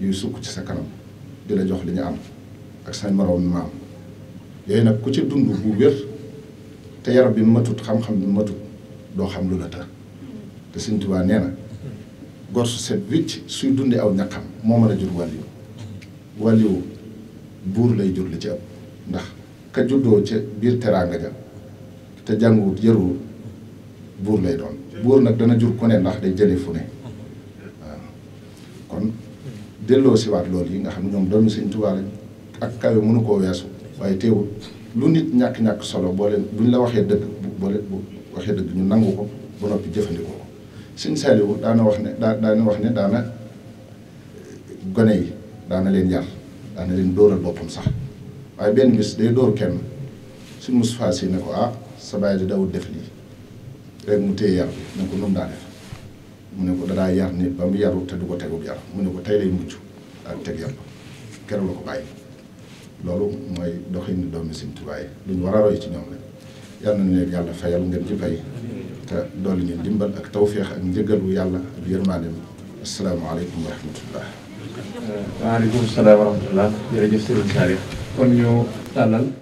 yuy sukk ci sa kanam di la jox li ñu am ak say moroomi maam yooyu nag ku ci dund bu wér te yaram bi matut xam-xam bi matut doo xam lu la të te Sëñ Tuubaa nee na gor su set wicc suy dundee aw ñaqam moo mën a jur wàlliwu wàlliwu buur lay jur li ci ëpp ndax ka juddoo ca biir teraanga ja te jànguwut yaruwut buur lay doon buur nag dana jur ku ne ndax day jële fu ne waaw kon delloo siwaat loolu yi nga xam ne ñoom doomi Sëñ Tuubaa ak kawe mënu koo weesu waaye teewul lu nit ñàkk-ñàkk solo boo leen ñu la waxee dëgg boo leen bu waxee dëgg ñu nangu ko ba noppi jëfandikoo ko Sëñ Saaliwu daana wax ne daa daana wax ne daana gone yi daana leen yar daana leen dóoral boppam sax أبين بس ده دور كم سيمسفا سينكوا سباعي ده داود دفلي رمتي يا نكون نم داره منكو دارا يا نيب بام يا روت تدو كتير بيا منكو تايلي موجو أكتر يا كارو لكو باي لولو ماي دخين دوم سينتو باي لنورا روي تنيامله يا نني يا الله فيا لونجيم باي تا دولي نجيم بل أكتوفي أخن جعلو يا الله بير مالهم السلام عليكم ورحمة الله وعليكم السلام ورحمة الله يرجع kon ñu tàllal